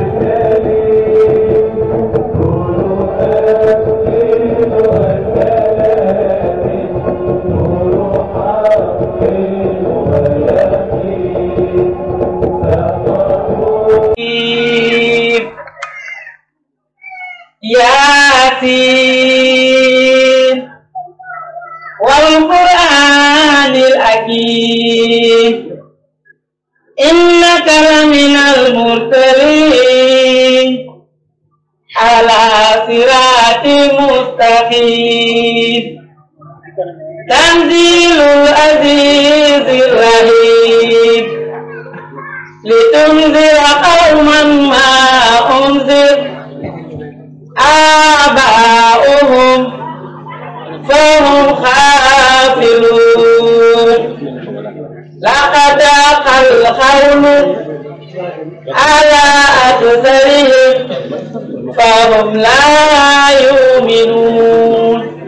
ياسين والقرآن الحكيم إنك لمن المرسلين على صراط مستقيم تنزيل العزيز الرحيم لتنذر قوما ما فهم خافلون لقد أقل القوم على أكثرهم فهم لا يؤمنون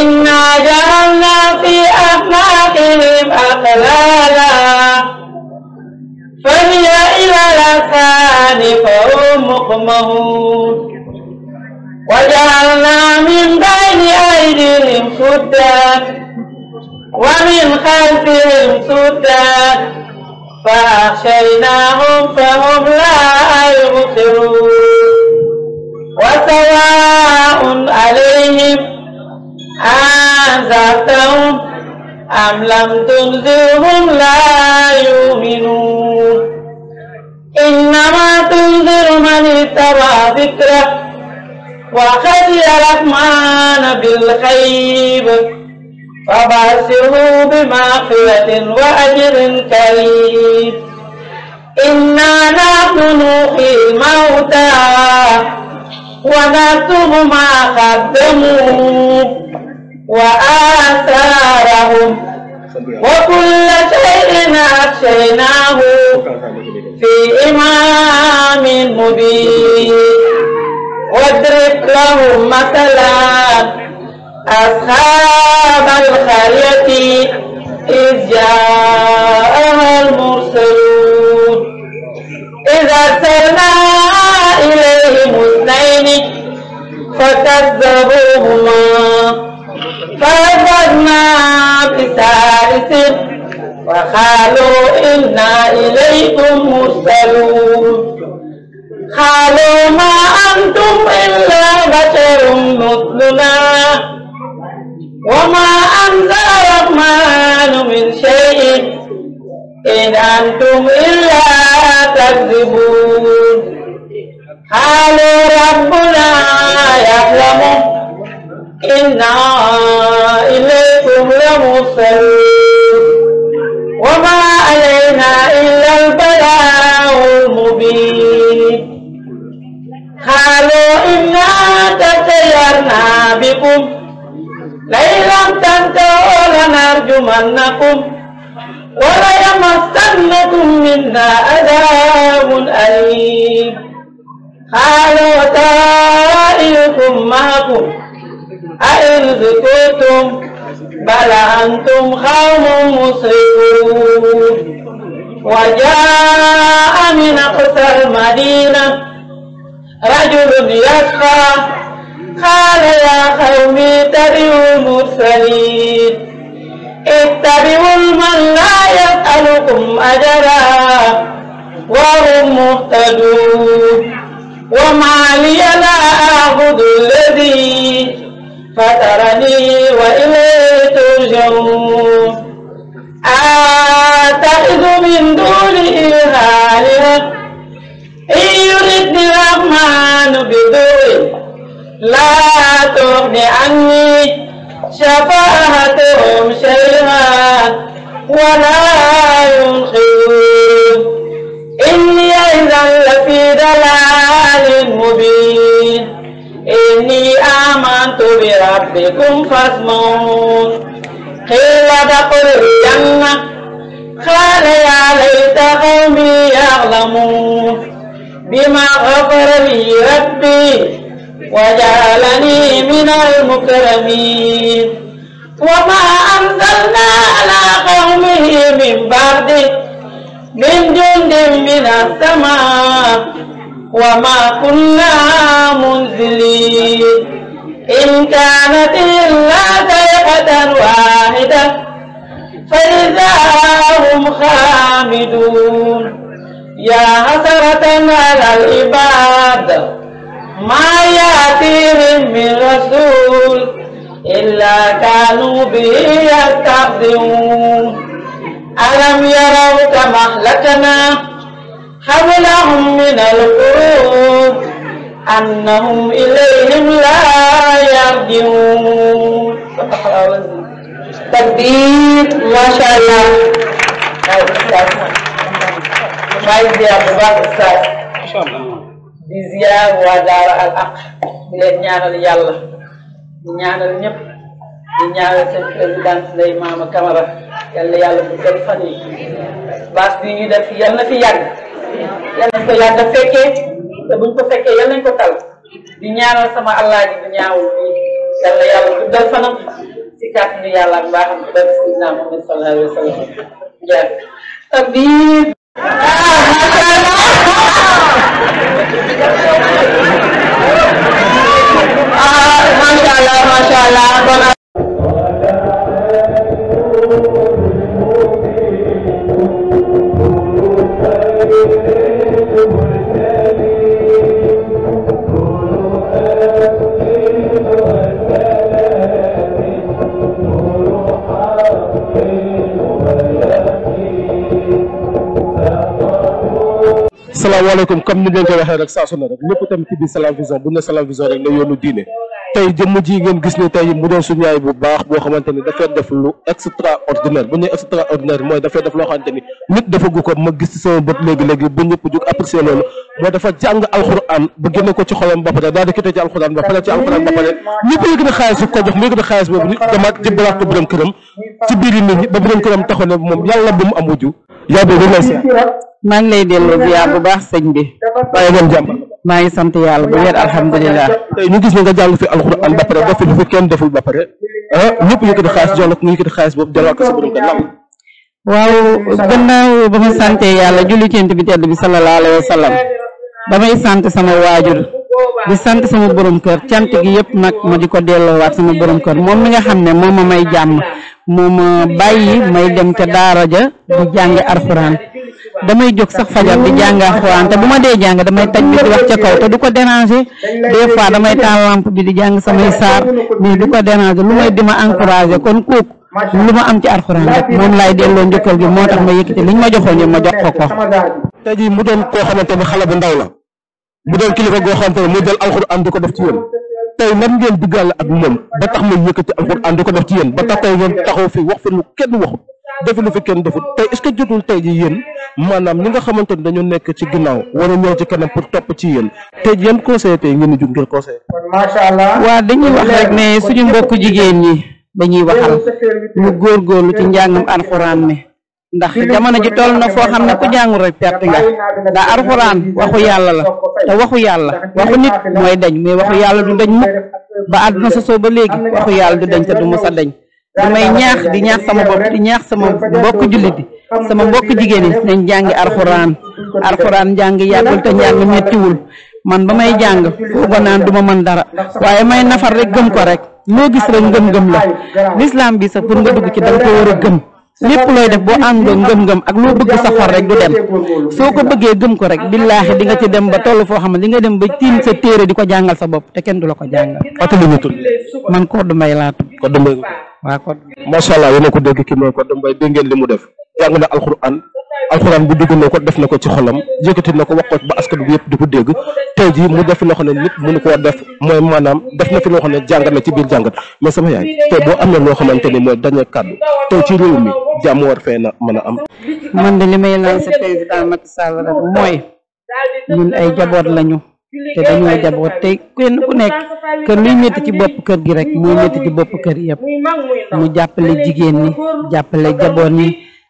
إنا جعلنا في أعناقهم أقلالا فهي إلى الأذقان فهم مقمهون وجعلنا من ودا ومن خلفهم سدا فأغشيناهم فهم لا يبصرون وسواء عليهم أنذرتهم أم لم تنذرهم لا يؤمنون إنما تنذر من اتبع ذكره وخذ الرحمن بالخيب فباشره بمغفرة وأجر كريم إنا نحن نحيي الموتى ونكتب ما قدموا وآثارهم وكل شيء أحصيناه في إمام مبين واضرب لهم مثلا أصحاب القرية إذ جاءها المرسلون إذ أرسلنا إليهم اثنين فكذبوهما فأخذنا بثالث وقالوا إنا إليكم مرسلون قالوا ما أنتم إلا بشر مثلنا وما أنزل الرحمن من شيء إن أنتم إلا تكذبون قالوا ربنا يعلم إنا إليكم لمرسلون وما علينا قالوا إنا تطيرنا بكم لئن لم تنتهوا لنرجمنكم وليمسنكم منا عذاب أليم قالوا طائركم معكم أئن ذكرتم بل أنتم قوم مسرفون وجاء من أقصى المدينة رجل يسعى قال يا قوم اتبعوا المرسلين اتبعوا من لا يسألكم أجرا وهم مهتدون وما لي لا أعبد الذي فترني وإليه ترجعون أتخذ من دونه آلهة إن يردني الرحمن بضر لا تغن عني شفاعتهم شيئا ولا ينقذون إني إذا لفي ضلال مبين إني آمنت بربكم فاسمعون قيل دخل الجنة قال يا ليت قومي يعلمون بما غفر لي ربي وجعلني من المكرمين وما أنزلنا على قومه من بعده من جند من السماء وما كنا منزلين إن كانت إلا صيحة واحدة فإذا هم خامدون يا حسرة على العباد ما يأتيهم من رسول إلا كانوا به يستهزئون ألم يروا كما أهلكنا قبلهم من القرون أنهم إليهم لا يرجعون تكبير ما شاء الله maa ngi ziar bu baax Oustaz di ziar waa yàlla di ñaanal ñëpp di ñaanal seen président lay maama Camara yàlla bi ñu def yal na fi yàgg yal nañ ko yàgg fekkee te buñ ko fekkee yal nañ ko tal di ñaanal sama allah ji bu ñaawul bi yàlla yàlla bu gën fanam si kàttanu yàlla ak mbaaxam ci benn sidna Muhammad sallallahu alayhi wa sallam jërëjëf ah macha allah macha allah asalaamaaleykum comme ni ngeen ko waxee rek saa su ne rek lépp tamit ci biir Salam Vision bu ne Salam Vision rek la yoonu diine tey jëmm ji ngeen gis ni tey mu doon suñu yaay bu baax boo xamante ni dafay def lu extraordinaire bu ñu extraordinaire mooy dafay def loo xamante nit dafa gu ko ma gis ci sama bët léegi-léegi ba ñëpp jug apprécier loolu moo dafa jàng alxuraan ba génne ko ci xolam ba pare daal di kite ci alxuraan ba pare ci alxuraan ba pare ñëpp moom yaa boobu lay maa ngi lay delloo ziar bu baax sëñ bi. waaye ngeen maa ngi sant yàlla bu wér alhamdulilah. tey ñu gis ne nga jàng fi alxuraan ba pare ba fi lu fi kenn deful ba pare ah ñëpp yëkkati xaalis jox la ko nga yëkkati xaalis boobu delloo ko sa borom kër lan. waaw gannaaw ba yàlla julli cent bi tedd bi sallallahu alayhi wa damay sant sama waajur di sant sama borom kër cant gi yëpp nag ma di ko delloowaat sama borom kër moom mi nga xam ne moom ma may jàmm moom ma bàyyi may dem ca daara ja di jàngi alxuraan damay jóg sax fajar di jàng alxuraan te bu ma dee jàng damay taj bi di wax ca kaw te du ko déranger des fois damay taal bi di jàng samay saar mais du ko déranger lu may di ma encourager kon kooku lu ma am ci alxuraan rek moom laay delloo njëkkal gi moo tax ma yëkkati liñ ma joxoon yëpp ma jox ko ko. tey jii mu doon koo xamante ne xale bu ndaw la mu doon kilifa goo xamante ne mu jël alxuraan di ko def ci yéen tey nan ngeen diggaale ak moom ba tax ma yëkkati alxuraan di ko def ci yéen ba tax fi wax fi lu kenn waxut. defi lu fi kenn defut tey est que jotul tey ji yéen maanaam ñi nga xamante ni dañoo nekk ci ginnaaw a ñëw ci kanam pour topp ci yéen tey yan conseil tey ngeen di jug ngir conseil. macha allah waaw dañuy wax rek ne suñu mbokku jigéen ñi dañuy waxal ñu góorgóorlu ci njàngam alxuraan mi ndax jamono ji toll na foo xam ne ku jàngul rek perte nga ndax alxuraan waxu yàlla la te waxu yàlla waxu nit mooy dañ mais waxu yàlla du dañ mukk ba àdduna sosoo ba léegi waxu yàlla du du mos a dañ. damay ñaax di ñaax sama bopp di ñaax sama mbokk jullit yi sama mbokk jigéen yi nañ jàngi arxuraan njàng yàggul te njàng mettiwul man ba may jàng foogoon naan duma man dara waaye may nafar rek gëm ko rek loo gis rek ngëm-ngëm la lislaam bi sax pour nga dugg ci danga ko war a gëm lépp looy def boo àndoo ngëm-ngëm ak loo bëgg sa rek du dem soo ko bëggee gëm ko rek billaahi di nga ci dem ba toll foo xam ne di nga dem ba tiim sa téere di ko jàngal sa bopp te kenn du la ko jàngal. man Codé Mbaye laa tudd. waaw kon macha allah yéen a ko dégg ki mooy ko dambay dégg ngeen li mu def jàng na alxuraan alxuraan bu dugg na ko def na ko ci xolam yëkkati na ko wax ko ba askan bi yëpp di ko dégg tey jii mu def fi loo xam ne nit mënu koo def mooy maanaam def na fi loo ne jàngat na ci biir jàngat mais sama yaay tey boo amee loo xamante ni mooy dañu kàddu tey ci réew mi jàmm war fee na mën a am. man de li may lancé président Macky Sall rek mooy ñun ay jaboot lañu. te dañoo jaboot te kenn ku nekk kër luy métti ci bopp kër gi rek muy métti ci bopp kër yëpp mu jàppale jigéen ñi jàppale jaboot ñi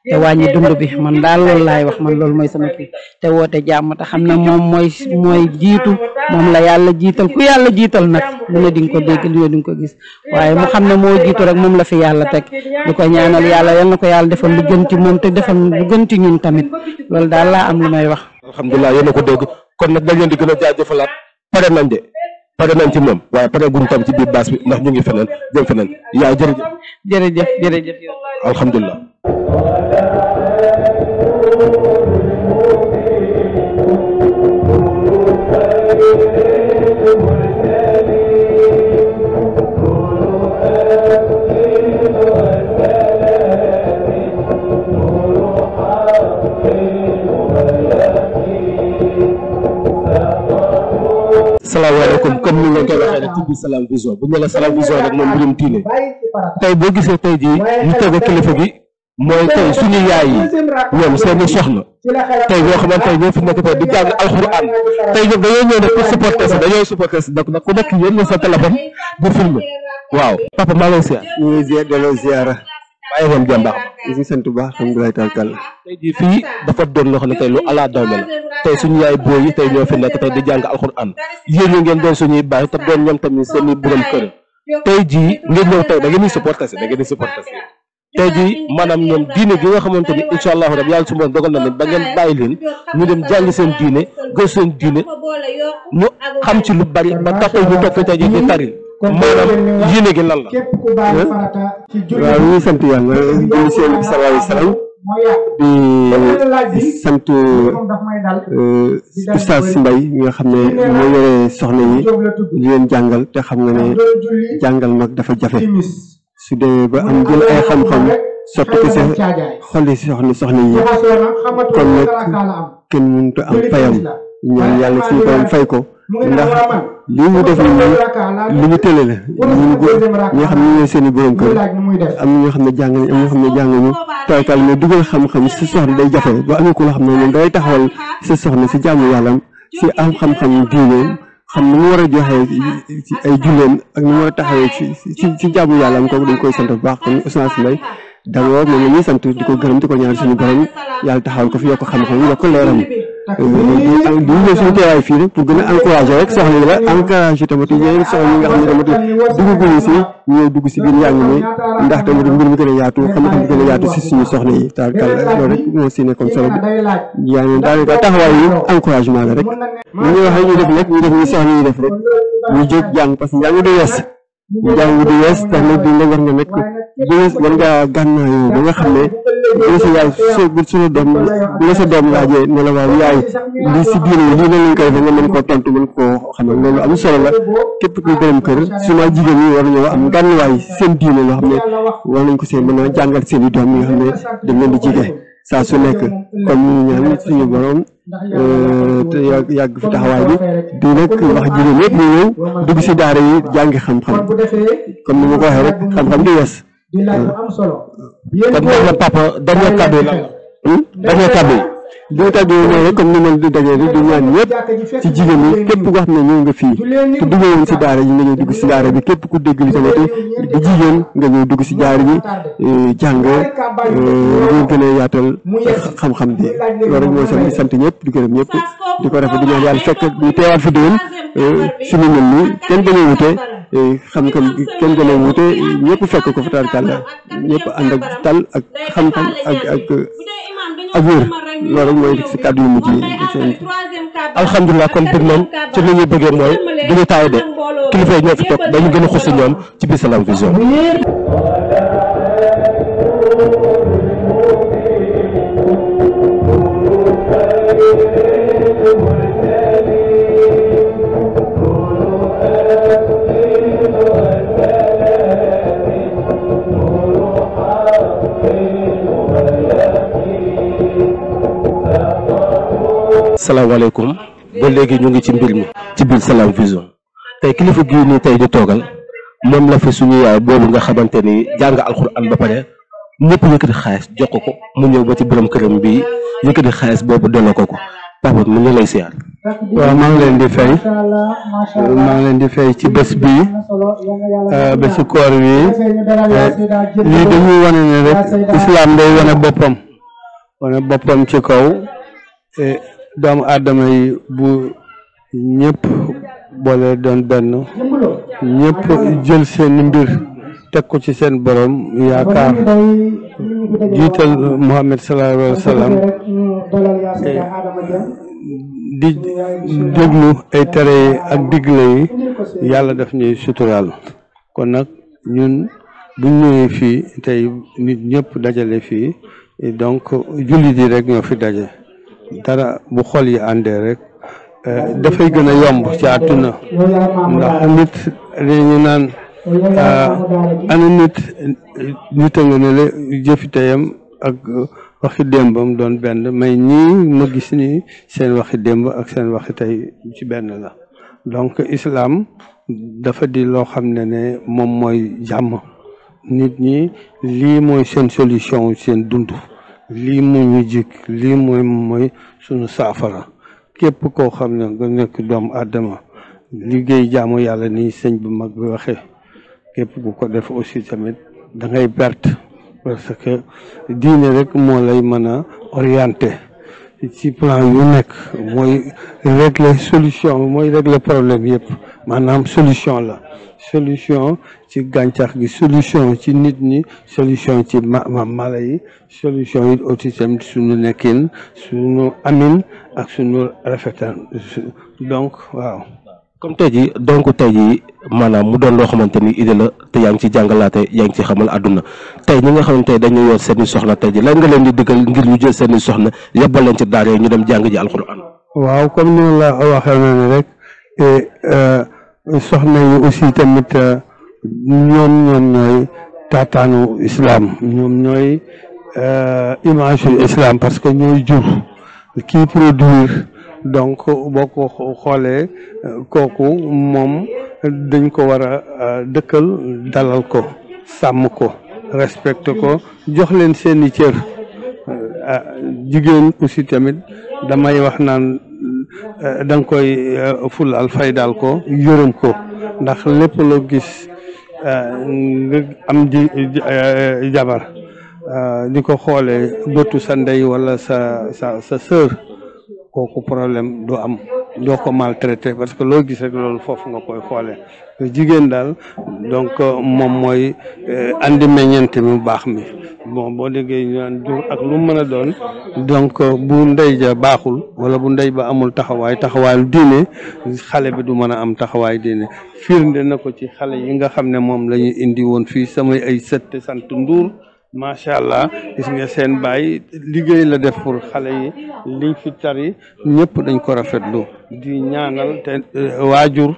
te wàññi dund bi man daal loolu laay wax man loolu mooy sama kii te woote jàmm te xam na moom mooy mooy jiitu moom la yàlla jiital ku yàlla jiital nag lu ne di nga ko dégg lu ne di nga ko gis waaye xam ne moo jiitu rek moom la fi yàlla teg di ko ñaanal yàlla yal na ko yàlla defal lu gën ci moom te defal lu gën ci ñun tamit loolu daal laa am lu may wax. alhamdulilah yéen a ko dégg kon nag dañ leen di gën a jaajëfalaat pare nañ de. pare nañ ci moom waaye pare guñ tam ci biir baas bi ndax ñu ngi feneen jëm feneen yaay jërëjëf. jërëjëf jërëjëf alhamdulilah. salaamaaleykum comme ni nga koy waxee rek tudd Salam Vision bu ñu la Salam Vision rek moom mbirum diine tey boo gisee tey jii ñu tegoo kilifa bi mooy tey suñu yaay yi ñoom seeni soxna tey boo xamante ne ñoo fi nekk tey di jàng alxuraan tey ñoom dañoo ñëw nag pour supporter si dañoo supporter si na nag ku nekk yéen nga sa téléphone di filmer waaw papa maa ngi lay ziar. waaye FM jàmm baax ñu ngi sant bu baax alhamdulilah tabarkàlla jii fii dafa doon loo xam ne tey lu ala daw la tey suñu yaay booy yi tey ñoo fi nekk tey di jàng alxuraan yéen ñu ngeen doon suñuy bàyyi te doon ñoom tamit seen i borom kër tey jii ngeen ñëw tey da ngeen di supporté si maanaam ñoom diine gi nga xamante ni incha allahu rabi yàlla su ma dogal na leen ba ngeen bàyyi leen ñu dem jàng seen diine gëstu seen diine ñu xam ci lu bari ba tax ñu toog fi tey jii di taril maanaam yéene gi lan la. waaw ñu ngi sant yàlla di seen bi sallallahu alayhi salaam di sant euh, Oustaz Mbaye mi nga xam ne moo yore soxna yi di jàngal te xam nga ne jàngal nag dafa jafe su dee ba am jël ay xam-xam sotti ko sa xolli soxna soxna yi kon nag kenn mënut am fayam. ñaan yàlla suñu borom fay ko ndax li mu def nii mu ñu tële la nga xam ne seen i borom kër xam ne jàng nañ am ñoo xam ne jàng ñu tawakal mais xam-xam si soxna day jafe ba amee ko loo xam day taxawal sa soxna si jaamu yàllam si am xam-xam diine xam ni mu war a joxee ci ay julleen ak ni mu war a taxawee ci ci jàmm yàlla yàllam kooku dañ koy sant bu baax kon Oustaz Mbaye d'abord moom la ñuy sant di ko gërëm di ko ñaan suñu borom yàlla taxawal ko fi yokk xam-xam yokk leeram di ñëw suñu teewaay fii rek pour gën a encouragé rek soxla yi la encouragé tamit yeneen soxla yi nga xam ne tamit dugguñu si ñëw dugg si biir njàng mi ndax tamit mbir mi gën a yaatu xam a yaatu si suñu soxla yi taal taal loolu rek moo si nekkoon solo bi yi encouragement la rek ñu ñuy wax rek ñu def ñu def ñu soxla parce que jàng du wees jàng di wees tax bi di nga war nga nekk di wees war nga gànnaayoo ba nga xam ne bu la sa yaay soo doom bu la sa doom laajee ne la waaw yaay li si diine yi lii lañ koy def nga mën koo tontu mën koo xamal loolu am solo la képp kuy borom kër su suma jigéen ñi war nañoo am gànnaay seen diine loo xam ne war nañ ko seen mën a jàngal seen i doom yi nga xam ne dañ di jigéen saa su nekk kon ñu ngi suñu borom euh, yàgg fi taxawaay bi di nag wax jigéen ñëpp dugg si daara yi jàngi xam-xam comme ni ma ko waxee rek xam-xam di wees. kon nag la papa dernier kàddu la hmm? dernier kàddu duñu dajee ñëwee comme ni ma di dajee ñaan ñëpp ci jigéen ñi képp koo xam ne ñëw nga fii te duggoo woon si daara ji nga ñëw dugg si daara bi képp ku dégg li tamit di jigéen nga ñëw dugg si jaar bi eh, jàng eh, ngeen gën a yaatal xam-xam bi loolu rek mooy sax di sant ñëpp di gërëm ñëpp di ko rafet di ñaan yàlla fekk ñu teewaat fi déwén eh, suñu mel nii kenn gën a wute xam-xam kenn gën a wute ñëpp fekk ko fa taal kàlla ñëpp ànd ak tal ak xam-xam ak ak ak wér loolu mooy si kàddu yu mujj yi kon bëgg ci li ñuy bëggee mooy du ñu taay de kilifa yi ñoo fi toog dañu gën a xuus ñoom ci biir Salam asalaamaaleykum ba léegi ñu ngi ci mbir mi ci biir Salam Vision tey kilifa gii nii tey di toogal moom la fi suñu yaay boobu nga xamante ni jàng alxuraan ba pare ñëpp jox ko ko mu ñëw ba ci borom këram bi yëkkati xaalis boobu delloo ko ko papa mu ngi lay siyaar. waaw maa leen di fay maa ngi leen di fay ci bés bii euh, euh, bésu koor wi euh, lii dañuy wane ne rek islam day wane boppam wane boppam ci kaw. doomu aadama yi bu ñëpp boole doon benn ñëpp jël seen mbir teg ko ci seen boroom yaakaar jiital Muhammad sallallahu alayhi wa sallam di déglu ay tere yi ak digle yi yàlla daf ñuy suturaal kon nag ñun bu ñëwee fii tey nit ñëpp dajale fii donc jullit yi rek ñoo fi daje dara bu xol yi àndee rek eh, dafay gën a yomb ci na ndax nit dañu naan eh, ana nit nit a nga ne la jëfi ak waxi démbam doon benn may ñii ma gis ni seen waxi démb ak seen waxi tey ci benn la donc islam dafa di loo xam ne ne moom mooy jàmm nit ñi lii mooy seen solution seen dund lii moo ñu jik lii mooy mooy suñu saafara képp koo xam ne nga nekk doomu aadama liggéey jaamu yàlla ni sëñ bu mag bi waxee képp bu ko def aussi tamit da ngay perte parce que diine rek moo lay mën a orienté ci plan yu nekk mooy régle solution mooy régle problème yëpp maanaam solution la solution ci gàncax gi solution ci nit ñi solution ci ma mala yi solution it aussi tamit suñu nekkin suñu amin ak suñu rafetal donc waaw comme tey jii donc tey jii maanaam mu doon loo xamante ni idée la te yaa ngi ci jàngalaate yaa ngi ci xamal àdduna tey ñi nga xamante ne dañu yor seen i soxna tey jii lan nga leen di dëggal ngir ñu jël seen i soxna yebal leen ci daara ñu dem jàng ji alxuraan. waaw comme ni la waxee noonu rek euh, soxna yi aussi tamit euh, ñoom ñoom ñooy taataanu islam ñoom ñooy euh, image yu parce que ñooy jur kii produire. donc boo ko xoolee kooku moom dañ ko war a dëkkal dalal ko sàmm ko respecté ko jox leen seeni cër euh, jigéen aussi tamit damay wax naan euh, da nga koy euh, fulal faydaal ko yërëm ko ndax lépp gis nga am di jabar di ko xoolee bëtu sa ndey wala sa sa sa sœur kooku problème du am doo ko maltraité parce que loo gis rek loolu foofu nga koy xoolee jigéen daal donc euh, moom mooy euh, andi meññeent mi baax mi bon boo déggee ñu naan jur ak lu mën a doon donc euh, bu ndey ja baaxul wala bu ndey ba amul taxawaay taxawaayu diine xale bi du mën a am taxawaay diine firnde na ko ci xale yi nga xam ne moom la ñu indi woon fii samay ay sët sant Nduur macha allah gis nga seen baay liggéey la def pour xale yi liñ fi tari ñëpp dañ ko rafetlu di ñaanal te euh, waajur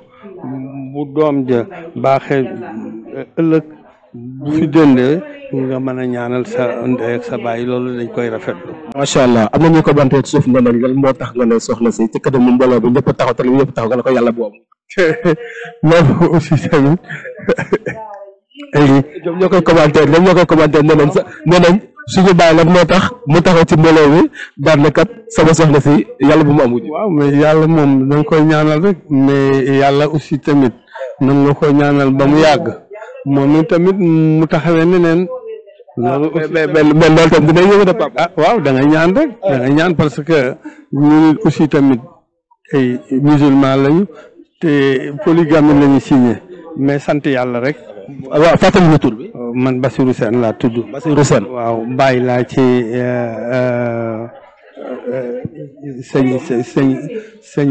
bu doom ja baaxee euh, ëllëg bu fi dëndee nga mën a ñaanal sa ndey ak sa baay loolu dañ koy rafetlu. macha allah am na ñu ko bantee suuf ndondal lan moo tax nga ne soxna si ci kanamu mbooloo bi ñëpp taxaw te ñëpp taxaw nga ne ko yàlla boobu. loolu aussi tamit. ñoom ñoo koy commentaire ñoom ñoo koy commentaire nee nañ sa nee moo tax mu taxaw ci mbooloo mi daan na soxna si yàlla bu mu yàlla moom da nga koy ñaanal yàlla aussi tamit nan nga koy ñaanal ba mu yàgg moom i tamit mu taxawee neneen. loolu aussi mais mais mais loolu tam ah, waaw da ngay ñaan rek da ñaan parce que aussi tamit ay musulman lañu te polygamie lañu signé mais sant yàlla rek. waaw fàttali ma tur euh, man Basirou Sène laa tudd. Basirou Sène waaw bàyyi laa ci euh, euh, sëñ sëñ sëñ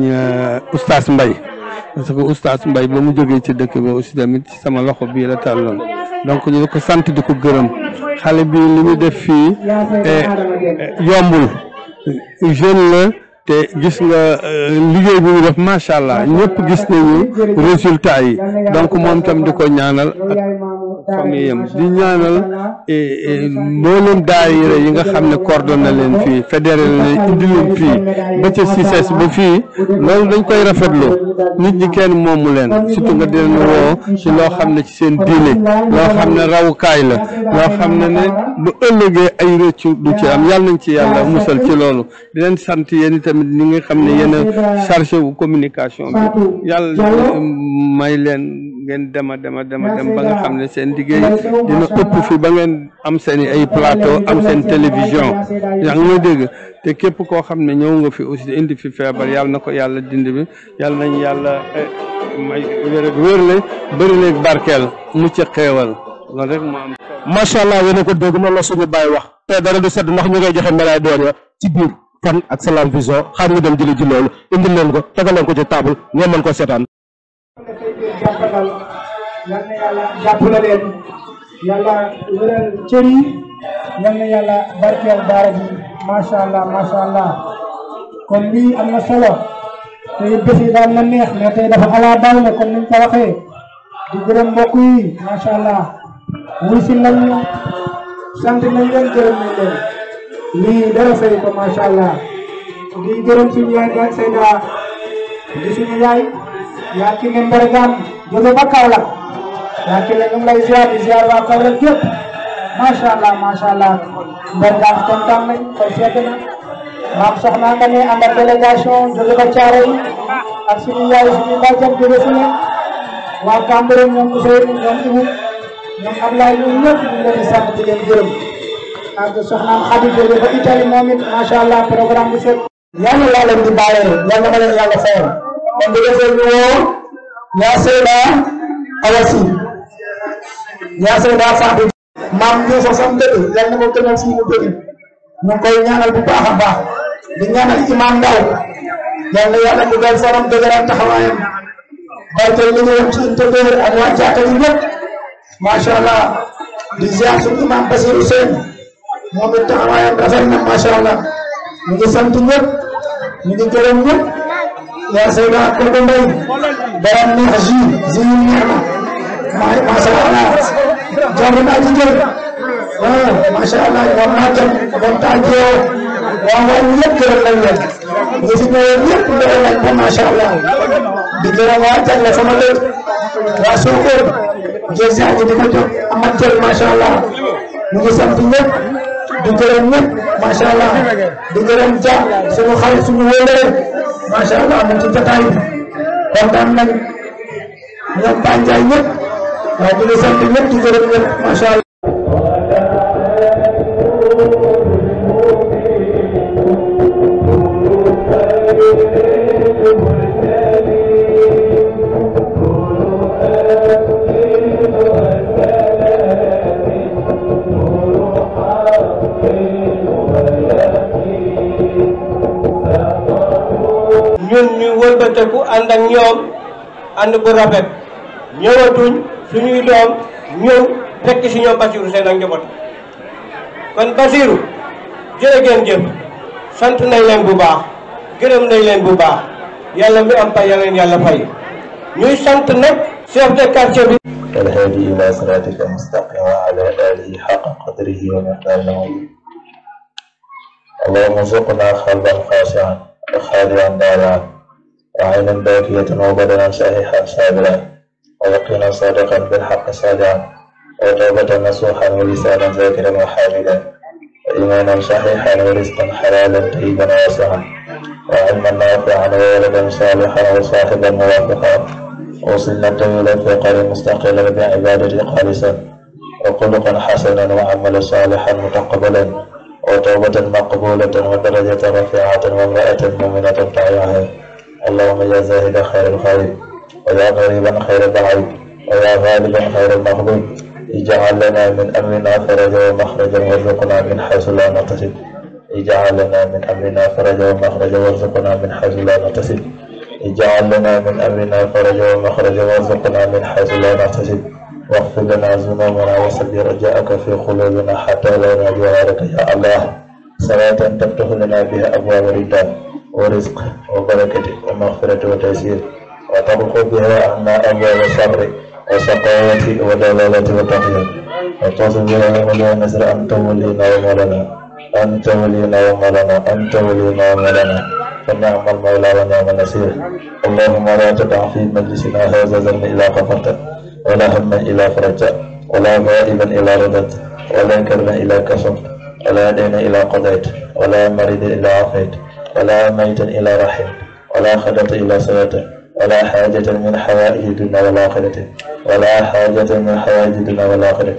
oustaz Mbaye parce que oustaz Mbaye ba mu jógee ci dëkk bi aussi tamit sama loxo bii la tàlloon donc ñu ko sant di ko gërëm xale bi li mu def fii eh, eh, yombul jeune te gis nga euh, liggéey bi ñu def macha allah ñëpp gis nañu résultat yi donc moom tam di ko ñaanal famille yam e, e di ñaanal mboolem daayira yi nga xam ne coordonné leen fii fédéré leen indi leen fii ba ca CICES ba fii loolu dañ koy rafetlu nit ñi kenn moomu leen surtout nga di leen woo loo xam ne ci seen diine loo xam ne rawukaay la loo xam ne ne bu ëllëgee ay rëccu du ci am yàlla nañ ci yàlla musal ci loolu di leen sant yéen tamit ñu nga xam ne yéen a wu communication bi yàlla may leen ngeen dema dema dema dem ba nga xam ne seen liggéey dina ëpp fi ba ngeen am seen ay plateau am seen télévision yaa ngi may dégg te képp koo xam ne ñëw nga fi aussi indi fi feebar yàlla na ko yàlla dindi bi yàlla nañ yàlla eh, may wér ak wér la bëri leeg barkeel mucc xeewal loolu rek moo am macha allah yéen a ko dégg noonu la suñu bàyyi wax te dara du sedd ndax ñu ngay joxe melaay doon ya ci biir kan ak Salam Vision xaar ñu dem jëli ji loolu leen ko tegal ko ci table ngeen mën ko seetaan ne yal na yàlla jàppale leen yàlla wéral cër yi yal na yàlla barkeel daara ji allah macha allah kon lii am na solo te bés yi daan na neex mais tey dafa ala dal ne comme niñ ko waxee di gërëm mbokk yi macha allah wuy si sant nañ leen gërëm nañ leen lii dara fay ko allah di gërëm suñu yaay. yaa ci ne mbergaan jóge ba Kaolack yaa ci lay ziar di ziar waa Kaolack yëpp macha allah macha allah mbergaan kontaan nañ ko seet na maam soxna nga ne ànd ak délégation jóge ba Thiaroye ak suñu yaay suñu bàjjan jóge fu waa Cambérène ñoom Ousseynou ñoom Ibou ñoom Ablaye ñoom ñëpp ñu ngi leen di sant di leen gërëm ak soxnaam Xadi jóge ba Italie moom it macha allah programme bi set yàlla laa leen di bàyyee yàlla ma leen yàlla fayal bu defee ñu woo yaa Awasi yaa Seyda Fatou maam ñu fa sam dëgg yal na fii mu dëgg ñu koy ñaanal bu baax a baax di ñaanal imam ndaw yal na yàlla mu dal faram dëgëral taxawaayam barkeel li ñu wax ci intérieur ak waa jàkka yi allah di ziar suñu imam Basirou Sène moom it taxawaayam rafet na macha allah ñu ngi ñu ngi gërëm ñëpp yaa Seyda Kër Mbaye borom neex ji ji neex na macha allah jàpp naa ci jël waaw ah, macha allah moom naa jëm moom taa jéew waaw waaye ñëpp gërëm nañ leen ñu si ñëwee ñëpp gërëm nañ ko macha allah di gërëm waa Jalle sama lépp waa Sokone Géza ji di ko jox amat jël macha allah ñu ngi sant ñëpp di gërëm ñëpp macha allah di gërëm ja suñu xarit suñu wóoree macha allah moom ci jotaay bi kontaan nañ ñoom Pànjaay ñëpp waaye di la sant ñëpp di gërëm ñëpp macha allah bu rafet ñëwatuñ li doom ñëw fekk si ñoom Basiru seen ak njaboot kon Basiru jërë ngeen jëf sant nañ leen bu baax gërëm nañ leen bu baax yàlla mi am pay yàlla fay ñuy sant nag chef de quartier bi والهادي إلى صراطك المستقيم وعلى آله حق قدره ومقداره اللهم ارزقنا قلبا خاشعا وخاليا ضارعا وعينا باكية وبدنا سائحا سابلا ويقينا صادقا بالحق سادعا وتوبة نصوحا ولسانا ذاكرا وحامدا وإيمانا صحيحا ورزقا حلالا طيبا واسعا وعلما نافعا وولدا صالحا وصاحبا موافقا وصلنا إلى الفقر مستقلا بعبادة خالصا وخلقا حسنا وعملا صالحا متقبلا وتوبة مقبولة ودرجة رفيعة وامرأة مؤمنة طيعها اللهم يا زاهدا خير الخالد ويا غريبا خير البعيد ويا غالبا خير المغلوب اجعل لنا من أمرنا فرجا ومخرجا وارزقنا من حيث لا نحتسب اجعل لنا من أمرنا فرجا ومخرجا وارزقنا من حيث لا نحتسب اجعل لنا من أمرنا فرجا ومخرجا وارزقنا من حيث لا نحتسب واغفر لنا ذنوبنا وصل رجاءك في قلوبنا حتى لا نرجو غيرك يا الله صلاة تفتح لنا بها أبواب الرداء ورزق وبركة ومغفرة وتيسير وترق بها أن أبواب الصبر والسقاوة والدلالة والتقية وتصل بها ولي نسر أنت ولينا ومولانا أنت ولينا ومولانا أنت ولينا ومولانا فنعم المولى ونعم النصير اللهم لا تدع في مجلسنا هذا ذنب إلا غفرته ولا هما إلا فرجته ولا غائبا إلا رددت ولا كرما إلا كسرت ولا دين إلا قضيت ولا مريض إلا عافيت ولا ميتا إلى رحم ولا خدة إلى صلاة ولا حاجة من حوائج الدنيا والآخرة ولا حاجة من حوائج الدنيا والآخرة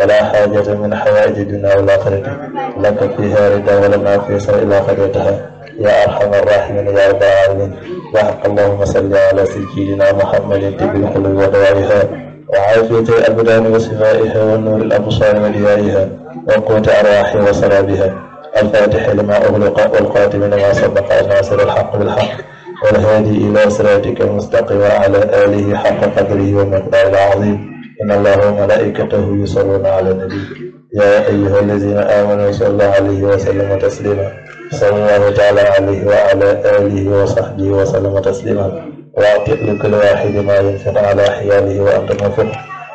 ولا حاجة من حوائج الدنيا والآخرة لك فيها رضا ولنا في سائل آخرتها يا أرحم الراحمين يا رب العالمين وحق اللهم صل على سيدنا محمد طب القلوب ودوائها وعافية الأبدان وصفائها والنور الأبصار وديائها وقوة أرواحها وسرابها الفاتح لما أغلق والقاتم لما سبق ناصر الحق بالحق والهادي إلى صراطك المستقيم وعلى آله حق قدره ومقداره العظيم إن الله وملائكته يصلون على النبي يا أيها الذين آمنوا صلى الله عليه وسلم تسليما صلى الله تعالى عليه وعلى آله وصحبه وسلم تسليما وأعطي لكل واحد ما ينفق على حياله وأنت موفق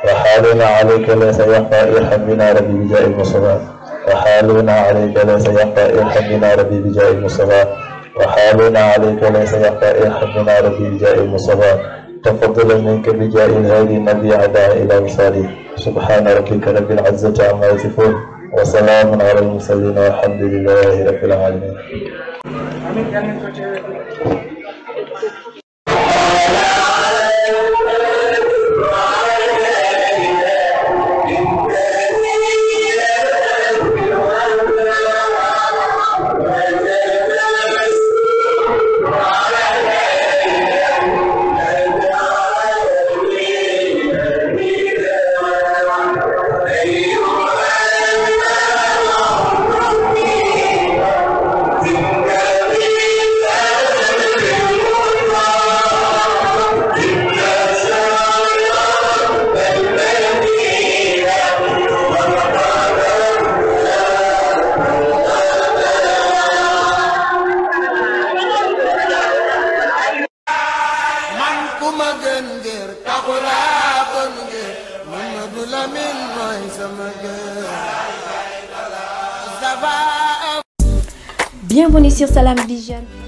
وحالنا عليك لا سيخفى ارحم بنا ربي بجاه المصطفى وحالنا عليك ليس يخفى إلحا بنا ربي بجاه المصطفى وحالنا عليك ليس يخفى إلحا بنا ربي بجاه المصطفى تفضلا منك بجاه الهادي النبي عداء إلى وصالي سبحان ربك رب العزة عما يصفون وسلام على المرسلين والحمد لله رب العالمين bu ma gën ngir taxulaa bon ngir Mamadu Lamin mooy sama gën euh. Bienvenue sur Salam Vision